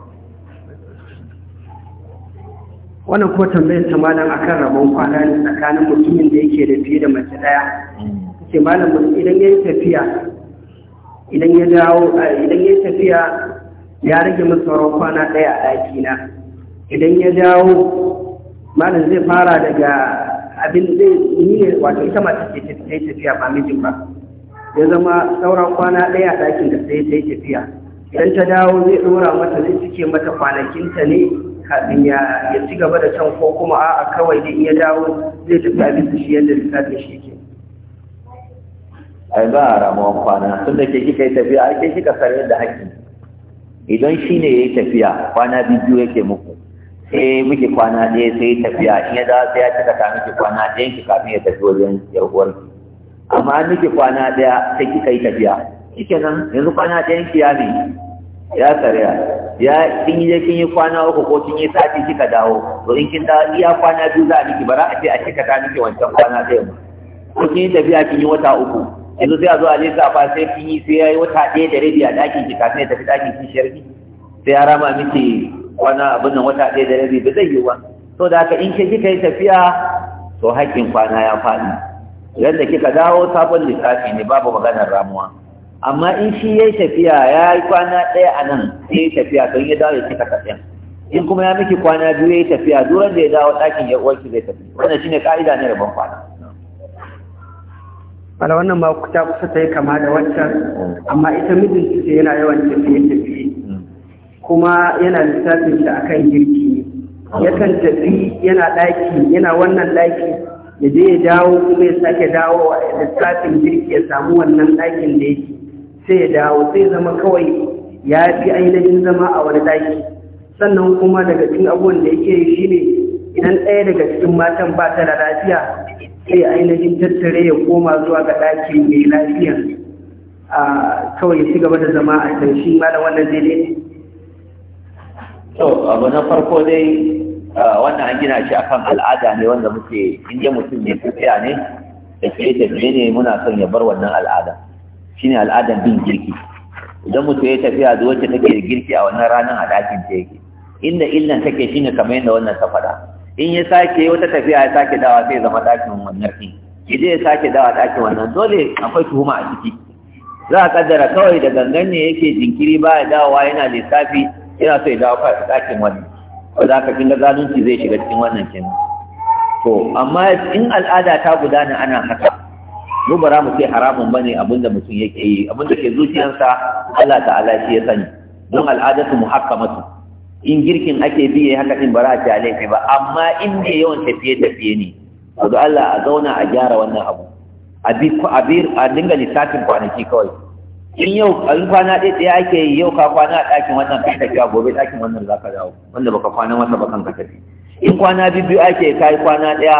wannan ko tambayar ta malam akan rabon kwana ne tsakanin mutumin da yake da fiye da mace daya ce malam mutum idan ya yi tafiya idan ya dawo eh, idan ya yi tafiya ya rage masa rabon kwana daya a daki na idan ya dawo malam zai fara daga abin zai yi ne wato ita mace ce ta yi tafiya ba mijin ba ya zama sauran kwana ɗaya ɗakin da sai ta yi tafiya idan ta dawo zai dora mata zai cike mata kwanakinta ne kafin ya ci gaba da can ko kuma a kawai da iya dawo zai tafi abin shi yadda lissafin shi ke ai ba a ramuwan kwana tun da ke kika yi tafiya ake kika sarari da haƙƙi idan shi ne ya yi tafiya kwana biyu yake muku sai miki kwana ɗaya sai tafiya in ya dawo sai ya cika ta miki kwana ɗaya ki kafin ya tafi wajen yarwar amma miki kwana ɗaya sai kika yi tafiya kenan yanzu kwana ɗaya ki ya ne ya karya ya kin je kin yi kwana uku ko kin yi sati kika dawo to in kin dawo iya kwana biyu za a miki bara a ce a kika ta miki wancan kwana ɗaya ba ko kin yi tafiya kin yi wata uku yanzu sai a zo a je safa sai kin yi sai ya yi wata ɗaya da rabi a ɗakin ki kafin ya tafi ɗakin ki sai ya rama miki kwana abin nan wata ɗaya da rabi ba zai yi ba to da haka in ke kika yi tafiya to haƙƙin kwana ya faɗi yadda kika dawo sabon lissafi ne babu maganar ramuwa amma in shi ya yi tafiya ya yi kwana ɗaya a nan ya yi tafiya don ya dawo ya cika kaɗan in kuma ya miki kwana biyu ya yi tafiya duran da ya dawo ɗakin ya uwarki zai tafi wannan shine ka'ida na rabon kwana bala wannan ma ta kusa ta yi kama da wancan amma ita mijin ce yana yawan tafiye tafiye kuma yana lissafin shi akan girki yakan tafi yana ɗaki yana wannan ɗaki ya je ya dawo kuma ya sake dawo lissafin girki ya samu wannan ɗakin da yake sai ya dawo sai zama kawai ya fi ainihin zama a wani daki sannan kuma daga cikin abubuwan da yake yi ne idan ɗaya daga cikin matan ba ta da lafiya sai ainihin tattare ya koma zuwa ga daki mai lafiya a kawai ya ci gaba da zama a can shi malam wannan zai to na farko dai wannan an gina shi akan al'ada ne wanda muke inda mutum ne tafiya ne da ke tafiye ne muna son ya bar wannan al'ada shine al'adan bin girki idan mutum ya tafiya a zuwa take da girki a wannan ranar a ɗakin ta yake inda illan take shine kamar yadda wannan ta faɗa in ya sake wata tafiya ya sake dawa sai zama ɗakin wannan ɗin idan ya sake dawa ɗakin wannan dole akwai tuhuma a ciki za a kaddara kawai da gangan ne yake jinkiri ba ya dawowa yana lissafi yana so ya dawo a ɗakin wannan ba za ka kinga zalunci zai shiga cikin wannan kenan to amma in al'ada ta gudana ana haka mu za mu ce haramun bane abinda mutum yake yi abinda ke zuciyarsa Allah ta'ala shi ya sani don al'adatu masu. in girkin ake biye haka za bara ta laifi ba amma in ne yawan tafiye tafiye ne to Allah a zauna a gyara wannan abu a bi a dinga lissafin kwanaki kawai in yau an kwana ɗaya ɗaya ake yi yau ka kwana a ɗakin wannan ka tafiya gobe ɗakin wannan za ka dawo wanda baka kwana wata ba kan ka tafi in kwana biyu ake kai kwana ɗaya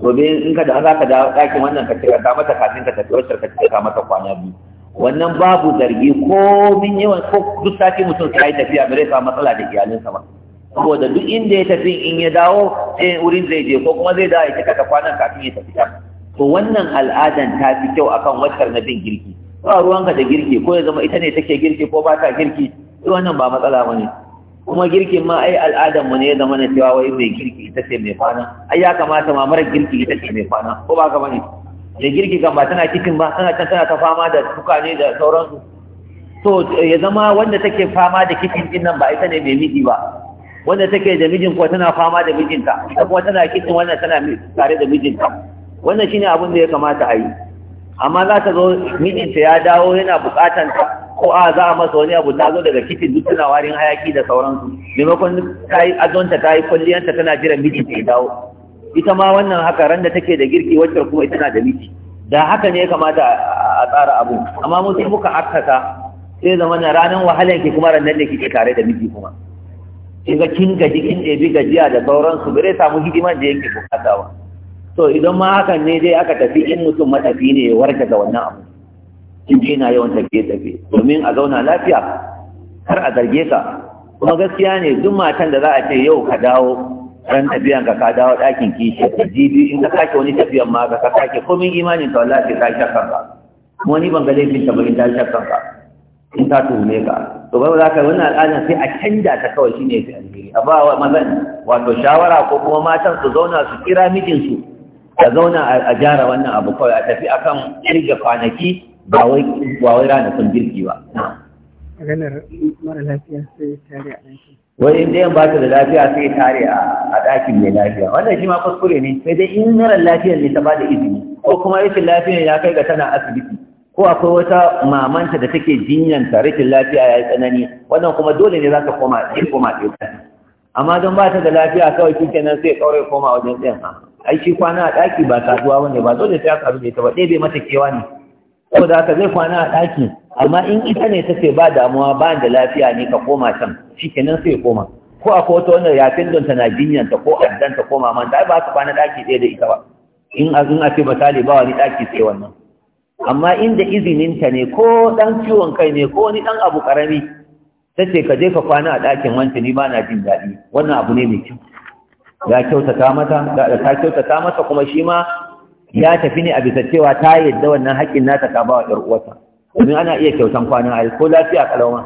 gobe in ka da za ka dawo ɗakin wannan ka cika ka mata kafin ka tafi wacce ka cika mata kwana biyu wannan babu zargi ko min yawan ko duk sati mutum sai tafiya bare sa matsala da iyalinsa ba saboda duk inda ya tafi in ya dawo sai wurin zai je ko kuma zai dawo ya cika ta kwanan kafin ya tafi can to wannan al'adan ta fi kyau akan wacce na bin girki ba ruwanka da girki ko ya zama ita ne take girki ko ba ta girki wannan ba matsala ba ne. kuma girkin ma ai al'adar mu ne da na cewa wai mai girki ita ce mai kwana ai ya kamata ma mara girki ita ce mai kwana ko ba ka bane da girki kan ba tana cikin ba tana can tana ta fama da ne da sauransu to ya zama wanda take fama da kicin din nan ba ita ne mai miji ba wanda take da mijin ko tana fama da mijinta ita kuma tana kicin wannan tana tare da mijinta wannan shine abin da ya kamata a yi amma za ta zo mijinta ya dawo yana bukatanta. ta ko a za a masa wani abu na zo daga kicin duk tana warin hayaki da sauransu maimakon ta yi azonta ta yi kwalliyanta tana jiran miji ta dawo ita ma wannan haka ran da take da girki wacce kuma ita na da miji da haka ne ya kamata a tsara abu amma mun sai muka akasa sai zama na ranar wahalar ki kuma ranar da kike tare da miji kuma kin ga kin gaji kin ɗebi gajiya da sauransu bare samu hidiman da yake bukatawa. to idan ma hakan ne dai aka tafi in mutum matafi ne ya warke da wannan abu in ji na yawan tafiye-tafiye domin a zauna lafiya har a zarge ka kuma gaskiya ne duk matan da za a ce yau ka dawo ran tafiyan ka ka dawo ɗakin kishi ka jibi in ka sake wani tafiyan ma ka sake komin imanin ka wallahi ka shakkan ka kuma ni ban ga laifin ta ba in ta shakkan ka in ta tuhume ka to bai za ka wannan al'adar sai a canja ta kawai shine fi alheri a ba wa mazan wato shawara ko kuma matan su zauna su kira mijinsu a zauna a jara wannan abu kawai a tafi akan kirga kwanaki ba wai ba wai ranakun girki ba maganar mara lafiya sai tare a ɗakin wani inda yan bata da lafiya sai tare a ɗakin mai lafiya wannan shi ma kuskure ne sai dai in mara lafiyar ne ta ba da izini ko kuma rashin lafiyar ya kai ga tana asibiti ko akwai wata mamanta da take jinyanta rashin lafiya ya yi tsanani wannan kuma dole ne za ta koma ɗin koma ɗin amma don ba ta da lafiya kawai shi kenan sai kawai koma wajen ɗin ai shi kwana a ɗaki ba kasuwa wanda ba dole sai ya karu da ita ba ɗaya bai mata kewa ne saboda ka zai kwana a ɗaki amma in ita ne ta ce ba damuwa ba da lafiya ne ka koma can kenan sai koma ko akwai wata wannan yafin don tana jinyanta ko addanta ko mamanta ba su kwana ɗaki ɗaya da ita ba in a in ce misali ba wani ɗaki sai wannan amma in inda izininta ne ko ɗan ciwon kai ne ko wani ɗan abu ƙarami ta ce ka je ka kwana a ɗakin wancan ni ba na jin daɗi wannan abu ne mai kyau ya kyautata mata ta kyautata mata kuma shi ma ya tafi ne a bisa cewa ta yadda wannan haƙƙin nata ta ba wa ƴar uwarta domin ana iya kyautan kwanan ayi ko lafiya kalama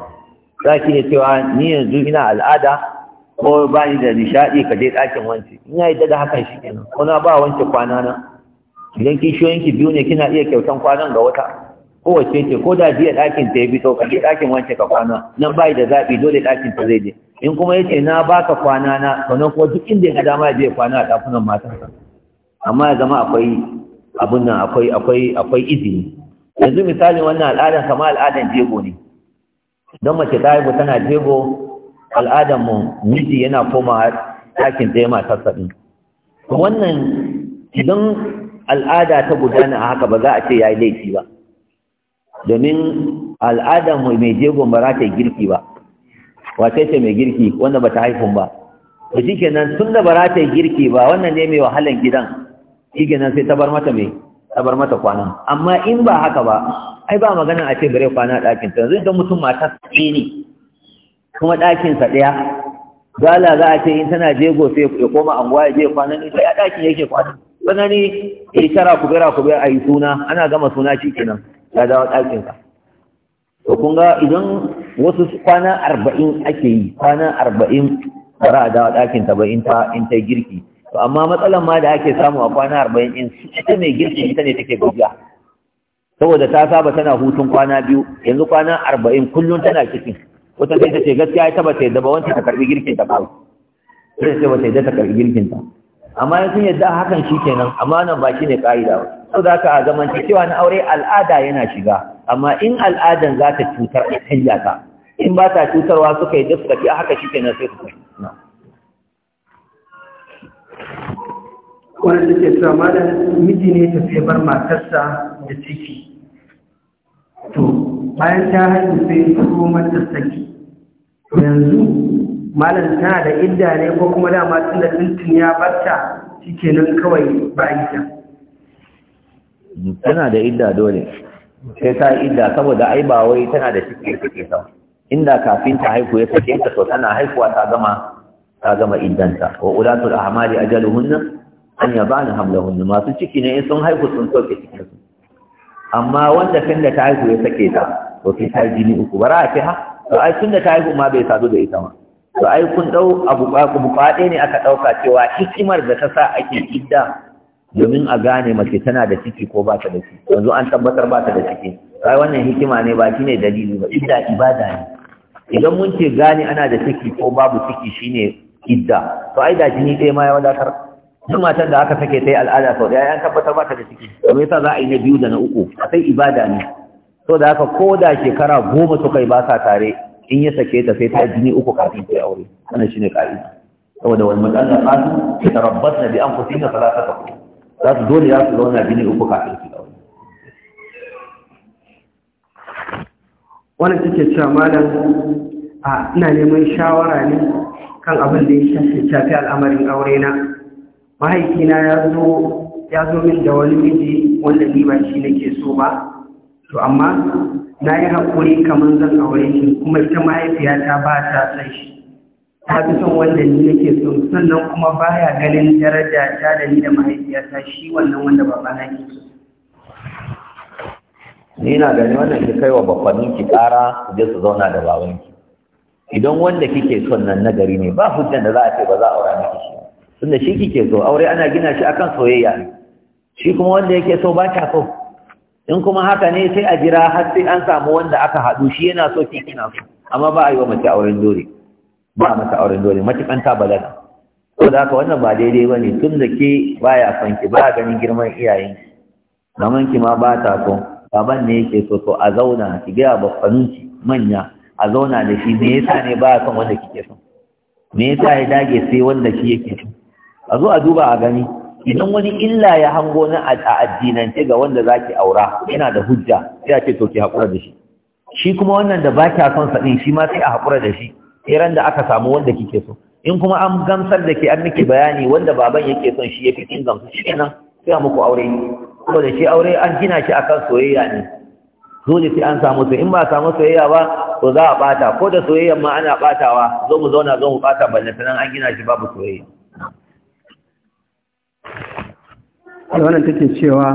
za ki ne cewa ni yanzu ina al'ada ko ba ni da nishaɗi ka je ɗakin wance in ya yadda da hakan shi kenan ko na ba wanke kwana na idan kishiyoyinki biyu ne kina iya kyautan kwanan ga wata kowace ce ko da jiya ɗakin ta ya bi to ka je ɗakin wanke ka kwana nan ba da zaɓi dole ɗakin ta zai je in kuma yace na baka kwana na sannan kuma duk inda ya ga dama ya je kwana a ɗakunan matarsa amma ya zama akwai abin nan akwai akwai akwai izini yanzu misali wannan al'adan kamar al'adan jego ne don mace ta haihu tana jego al'adan mu miji yana koma ɗakin ɗaya matarsa ɗin wannan idan al'ada ta gudana a haka ba za a ce ya yi laifi ba domin al'adan mu mai jego ba za ta girki ba wace ce mai girki wanda ba ta haifun ba to shi kenan tun da ba za ta yi girki ba wannan ne mai wahalan gidan shi nan sai ta bar mata mai ta bar mata kwana amma in ba haka ba ai ba magana a ce bare kwana ɗakin ta zai don mutum mata tsaye ne kuma ɗakinsa ɗaya gala za a ce in tana jego sai ya koma anguwa ya je kwana ne sai a ɗakin yake kwana ne ya tara kubera kubera a yi suna ana gama suna shi kenan ya dawo ɗakinsa to kun ga idan wasu kwana arba'in ake yi kwana arba'in ba za a dawo ɗakinta ba in ta girki to amma matsalan ma da ake samu a kwana arba'in in ita mai girki ita ne take gajiya saboda ta saba tana hutun kwana biyu yanzu kwana arba'in kullum tana kicin wata sai ta ce gaskiya ita ba ta yadda ba wancan ta karbi girkin ta kawai sai ta ba ta yadda ta karbi girkin ta amma yanzu yadda hakan shi kenan amma nan ba shi ne ƙa'ida ba saboda da a cewa na aure al'ada yana shiga amma in al'adan za ta cutar a canja ta in ba ta cutarwa suka yi duk suka a haka shi kenan sai su kai wanda take cewa malam miji ne tafiye bar matarsa da ciki to bayan ta haihu sai turo mata saki to yanzu malam tana da idda ne ko kuma dama tun da tuntun ya barta nan kawai ba ita tana da idda dole sai ta idda saboda ai ba wai tana da ciki take sa inda kafin ta haihu ya sake ta to tana haihuwa ta gama ta gama iddanta wa ulatul ahmali ajaluhunna an ya ba ni hamlahun masu ciki ne sun haihu sun soke cikin su amma wanda tun da ta haihu ya sake ta to sai ta jini uku bara a ce ha to ai tun da ta haihu ma bai sadu da ita ma to ai kun dau abu ku kwaɗe ne aka ɗauka cewa hikimar da ta sa ake idda domin a gane mace tana da ciki ko ba ta da ciki yanzu an tabbatar ba ta da ciki Sai wannan hikima ne ba shine dalili ba idda ibada ne idan mun ce gane ana da ciki ko babu ciki shine idda to ai da jini ɗaya ma ya wadatar duk matan da aka sake ta yi al'ada sau ɗaya ya tabbatar ba ta da ciki me yasa za a yi na biyu da na uku a sai ibada ne so da haka ko da shekara goma suka yi ba sa tare in ya sake ta sai ta yi jini uku kafin ta yi aure wannan ne ka'ida saboda wani matsalar kasu ta rabbas na bi an fusi na salata ta za su dole za su zauna jini uku kafin su aure. wannan take cewa malam a ina neman shawara ne kan abin da ya shafi al'amarin aure na mahaifina ya zo ya zo min da wani miji wanda ni ba shi nake so ba to amma na yi haƙuri kamar zan aure shi kuma ita mahaifiyata ba ta san shi ta fi son wanda ni nake so sannan kuma baya ganin daraja ta da ni da mahaifiyata shi wannan wanda babana ke so ni na gani wannan ki kai wa bakwanin ki kara su je su zauna da babanki idan wanda kike son nan nagari ne ba hujjan da za a ce ba za a aura miki shi tunda shi kike so aure ana gina shi akan soyayya shi kuma wanda yake so ba ta so in kuma haka ne sai a jira har sai an samu wanda aka haɗu shi yana so ki kina so amma ba a yi wa mace auren dole ba a mata auren dole matukan ta balaga to da haka wannan ba daidai ba ne tun da ke baya son ki ba ganin girman iyayen ki ki ma ba ta so baban ne yake so to a zauna ki ga babbanin ki manya a zauna da shi me yasa ne ba son wanda kike so me yasa ya dage sai wanda shi yake so a zo a duba a gani idan wani illa ya hango na a addinance ga wanda zaki aura yana da hujja sai a ce to ki hakura da shi shi kuma wannan da ba a son sa shi ma sai a hakura da shi sai ran da aka samu wanda kike so in kuma an gamsar da ke an miki bayani wanda baban yake son shi yake kin gamsu shi kenan sai a muku aure saboda shi aure an gina shi akan soyayya ne dole sai an samu soyayya in ba samu soyayya ba to za a bata ko da soyayyan ma ana batawa zo mu zauna zo mu bata balle sanan an gina shi babu soyayya wannan take cewa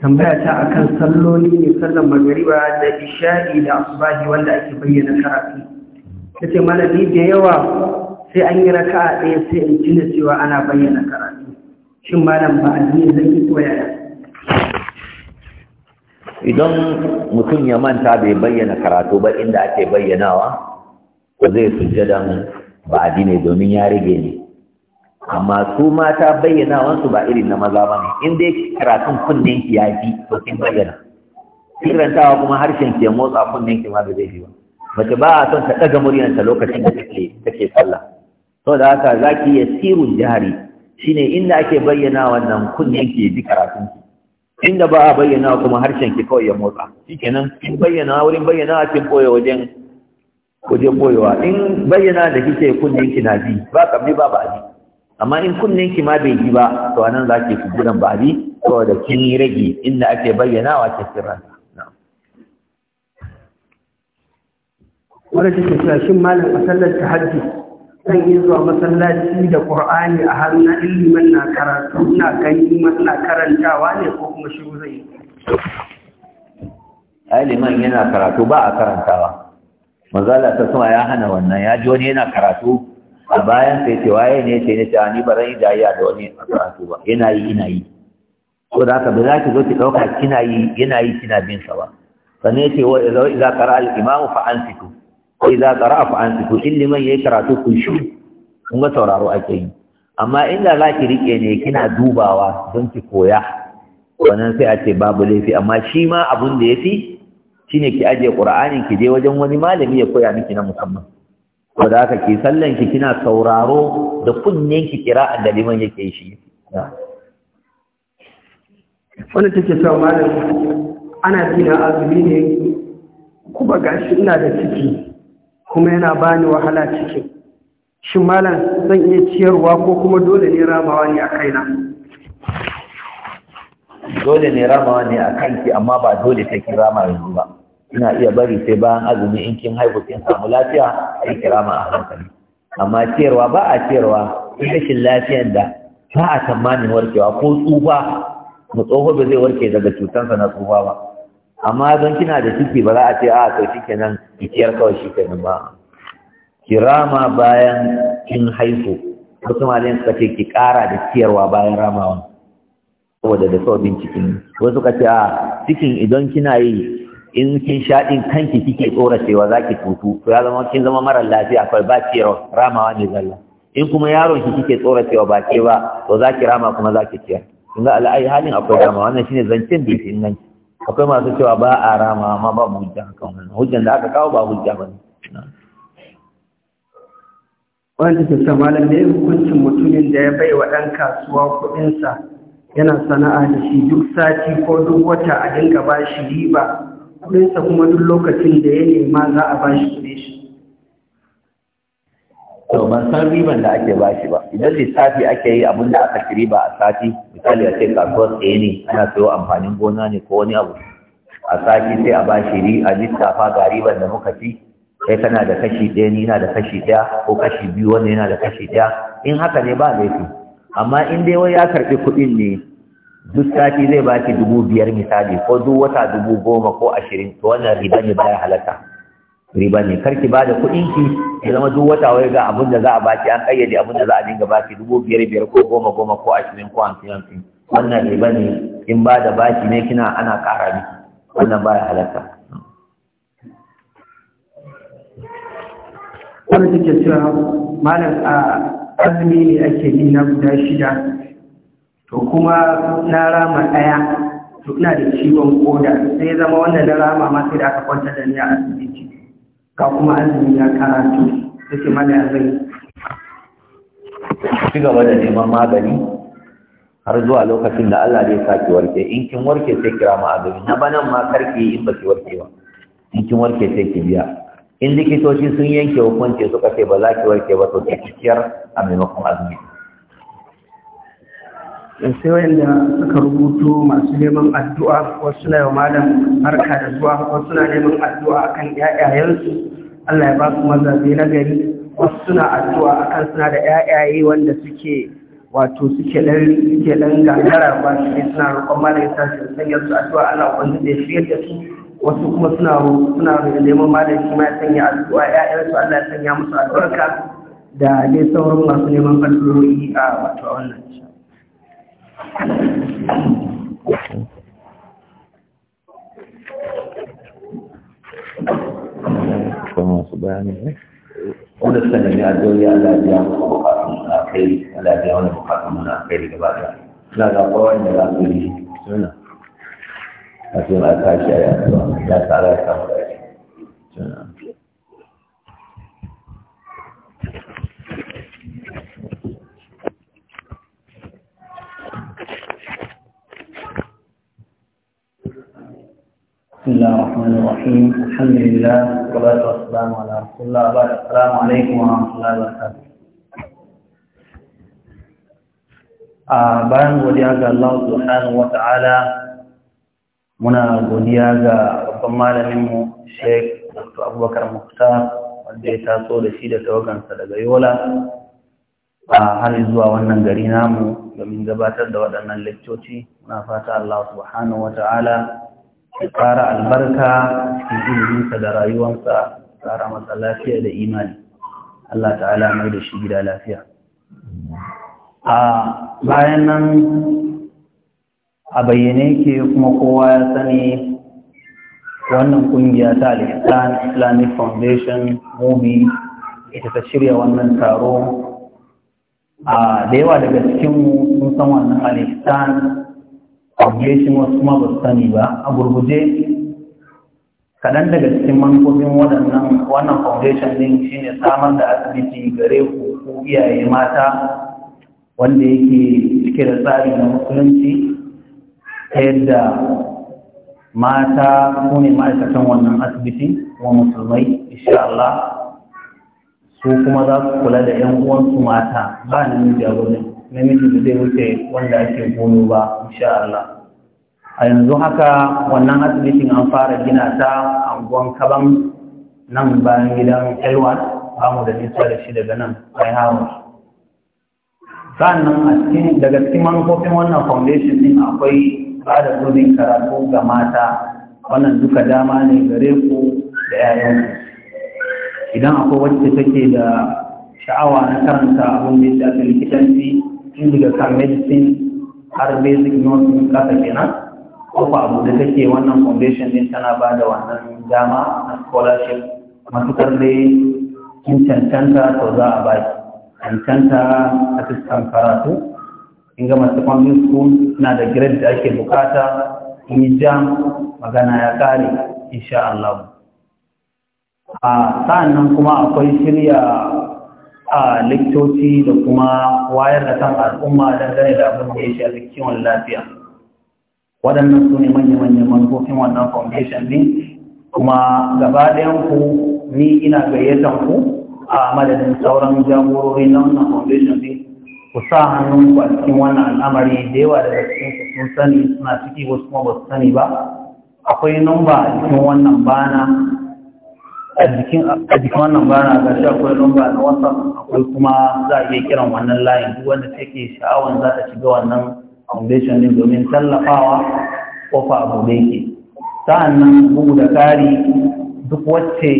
tambaya ta akan salloli ne sallan magariba da isha'i da asubahi wanda ake bayyana karatu tace mana ni da yawa sai an yi raka'a ɗaya sai in tuna cewa ana bayyana karatu shin malam ba addini zai yi ya idan mutum ya manta bai bayyana karatu ba inda ake bayyanawa ko zai sujjadan ba addini domin ya rage ne amma su mata bayyana wansu ba irin na maza ba ne in dai karatun kunnen ki ya ji to kin bayyana kirantawa kuma harshen ki ya motsa kunnen ki ma da zai ba mace ba a son ta daga muryarta lokacin da take take sallah da haka zaki ya sirun jihari shine inda ake bayyana wannan kunnen ki ji karatun ki inda ba a bayyana kuma harshen ki kawai ya motsa shikenan in bayyana wurin bayyana cikin koyo wajen wajen koyowa in bayyana da kike kunnen ki na ji ba kamni ba ba ji amma in kunnen ki ma bai ji ba to anan za ki sujudan ba'di da kin yi rage inda ake bayyanawa ta sirran wadda take cewa shin malam a sallar tahajji zan iya zuwa masallaci da qur'ani a hannuna ilimin na karatu na gani na karantawa ne ko kuma shi zai yi aliman yana karatu ba a karantawa manzala ta sama ya hana wannan ya ji wani yana karatu a bayan sai ce waye ne ce ne ta ni ba ran jayya da wani a karatu ba yana yi ina yi ko da ka ba za ki zo ki dauka kina yi yana yi kina bin sa ba ne ce wa idza qara al imam fa ansitu ko idza qara fa ansitu in liman yayi karatu kun shi kun ga sauraro ake yi amma inda za ki rike ne kina dubawa don ki koya wannan sai a ce babu laifi amma shi ma abun da yafi shine ki aje qur'anin ki je wajen wani malami ya koya miki na musamman ko da haka ki sallan ki kina sauraro da kunnen ki kira da yake shi wannan take cewa malam ana dina azumi ne kuma gashi ina da ciki kuma yana bani wahala cikin shin malam zan iya ciyarwa ko kuma dole ne ramawa ne a kaina dole ne ramawa ne a kanki amma ba dole take ramawa yanzu ba ina iya bari sai bayan azumi in kin haihu kin samu lafiya sai kirama a hankali amma ciyarwa ba a ciyarwa in rashin lafiyar da ba a tsammanin warkewa ko tsufa mu tsoho ba zai warke daga cutansa na tsufa ba amma don kina da ciki ba za a ce a to shikenan ki ciyar kawai shikenan ba kirama bayan kin haihu wasu malayan suka ce ki kara da ciyarwa bayan ramawan saboda da sau binciken wasu suka ce a cikin idan kina yi in kin sha din kanki kike tsoracewa zaki tutu to ya zama kin zama mara lafiya fa ba ki ramawa ne zalla in kuma yaron ki kike tsoracewa ba ke ba to zaki rama kuma zaki ciyar kin ga al'ayi halin akwai rama wannan shine zancen da yake nan akwai masu cewa ba a rama amma ba mu hujja kan wannan hujjan da aka kawo ba hujja bane wanda ta sama malam ne hukuncin mutumin da ya bai wa ɗan kasuwa kuɗinsa yana sana'a da shi duk sati ko duk wata a dinga ba shi riba kuɗinsa kuma duk lokacin da ya nema za a ba shi kuɗe shi. To ban san riban da ake ba shi ba, idan lissafi ake yi abin da aka riba a sati, misali a ce kasuwar tsaye ne ana sayo amfanin gona ne ko wani abu. A sati sai a ba shi a lissafa ga riban da muka fi, kai kana da kashi ɗaya ni na da kashi ɗaya ko kashi biyu wanda yana da kashi ɗaya in haka ne ba laifi amma in dai wai ya karɓi kuɗin ne duk sati zai baki dubu biyar misali ko duk wata dubu goma ko ashirin to wannan riba ne baya halatta riba ne karki ba da kuɗinki ya zama duk wata wai ga abin da za a baki an ƙayyade abin da za a dinga baki dubu biyar biyar ko goma goma ko ashirin ko hamsin hamsin wannan riba ne in ba da baki ne kina ana ƙara miki wannan baya halatta wanda take cewa malam a azumi ne ake bi na guda shida to kuma na rama ɗaya to ina da ciwon koda sai ya zama wannan na rama ma sai da aka kwanta da ni a asibiti ga kuma azumi ya karatu ta ce mana zai ci gaba da neman magani har zuwa lokacin da Allah zai saki warke in kin warke sai kira mu azumi na banan ma karki in ba ki warke ba in kin warke sai ki biya in likitoci sun yanke hukunci suka ce ba za ki warke ba to ki ciyar a maimakon azumi sai wanda suka rubuto masu neman addu'a wasu na yau malam harka da zuwa wasu na neman addu'a akan ƴaƴayensu Allah ya ba su mazaje na gari wasu suna addu'a akan suna da ƴaƴaye wanda suke wato suke dan suke dan gangara ba su suna roƙon malam ya sa su sanya su addu'a Allah wanda zai shi da su wasu kuma suna suna neman malam shi ma ya sanya addu'a ƴaƴansu Allah ya sanya musu albarka da dai sauran masu neman addu'o'i a wato wannan kuma wanda suka nemi a duniya Allah na kai a biya wani bukatun na kai gaba da na ga kowai da za su yi suna a cikin alkashi a yasuwa ya tsara ya samu da الله الرحمن الرحيم الحمد لله والسلام على رسول الله بعد السلام عليكم bayan godiya ga Allah subhanahu wata'ala muna godiya ga babban malaminmu Sheikh Dr. Abubakar Mukhtar wanda ya taso da shi da tawagansa daga Yola a har zuwa wannan gari namu domin gabatar da waɗannan lekcoci muna fata Allah subhanahu ta'ala ya fara albarka cikin iliminsa da rayuwarsa tsara masa lafiya da imani Allah ta'ala mai da shi gida lafiya a bayan nan a bayyane ke kuma kowa ya sani wannan kungiya ta alistan islamic foundation mobi ita ta shirya wannan taro a da yawa daga cikinmu sun san wannan alistan. obligation wasu kuma ba sani ba a gurguje kaɗan daga cikin manufofin waɗannan wannan foundation ɗin shine samar da asibiti gare ku iyaye mata wanda yake cike da tsari na musulunci ta yadda mata su ne ma'aikatan wannan asibiti wa musulmai insha Allah su kuma za su kula da 'yan uwansu mata ba namiji a wajen namiji da zai wuce wanda ake gono ba insha Allah a yanzu haka wannan asibitin an fara gina ta anguwan kaban nan bayan gidan elwan bamu da nisa da shi daga nan bayan hawa sannan a cikin daga cikin manufofin wannan foundation din akwai ba da gurbin karatu ga mata wannan duka dama ne gare ku da 'ya'yanku idan akwai wacce take da sha'awa na karanta abin da ya shafi likitanci tun daga kan medicine har basic nursing kasa kenan kofa abu da take wannan foundation din tana ba da wannan dama na scholarship matukar dai kin cancanta to za a baki cancanta a cikin karatu in masu secondary school na da grade da ake bukata in yi jam magana ya kare insha Allah a ah, sa'annan kuma akwai shirya a liktoci da kuma wayar da kan al'umma dangane da abin da ya a kiwon lafiya waɗannan su ne manya-manyan manufofin wannan foundation ne kuma gaba ɗayan ku ni ina gayyata ku a madadin sauran jagorori na wannan foundation ne ku sa hannun ku a cikin wannan al'amari da yawa daga cikin ku sun sani suna ciki wasu kuma ba su sani ba akwai numba a cikin wannan bana a jikin wannan bana ga shi akwai lamba na wasa akwai kuma za a iya kiran wannan layin duk wanda take sha'awan za ta shiga wannan foundation din domin tallafawa kofa abu da yake sa'annan bugu da kari duk wacce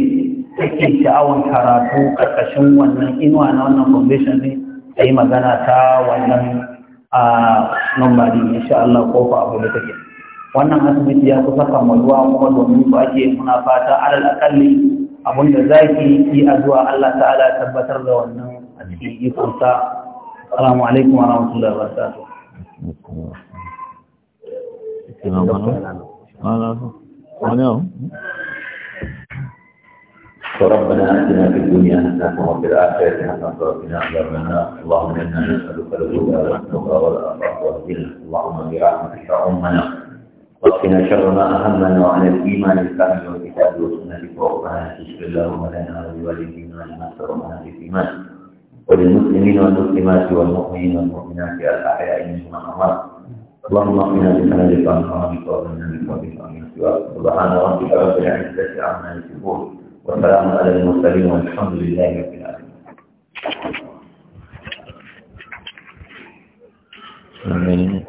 take sha'awan karatu karkashin wannan inuwa na wannan foundation din ta yi magana ta wannan a number din insha Allah kofa abu da take wannan asibiti ya kusa kammaluwa kuma domin su ake muna fata alal akalli abinda za ki yi addu'a Allah ta'ala tabbatar da wannan a cikin ikonsa salamu alaikum wa rahmatullahi wa barakatuh ربنا اتنا في الدنيا حسنه وفي الاخره حسنه وقنا عذاب النار اللهم انا نسالك الهدى والتقى والأخلاق والغنى اللهم برحمتك امنا وقنا شر ما أهمنا وعلى الإيمان الكامل والكتاب والسنة وقرآن تشفي اللهم لنا ولوالدينا لما في الإيمان وللمسلمين والمسلمات والمؤمنين والمؤمنات الأحياء منهم الأموات اللهم اقنا بسنة عن حرامك وغنى بك وبك عن سواك سبحان ربك رب العزة عما يصفون وسلام على المرسلين والحمد لله رب العالمين Amen.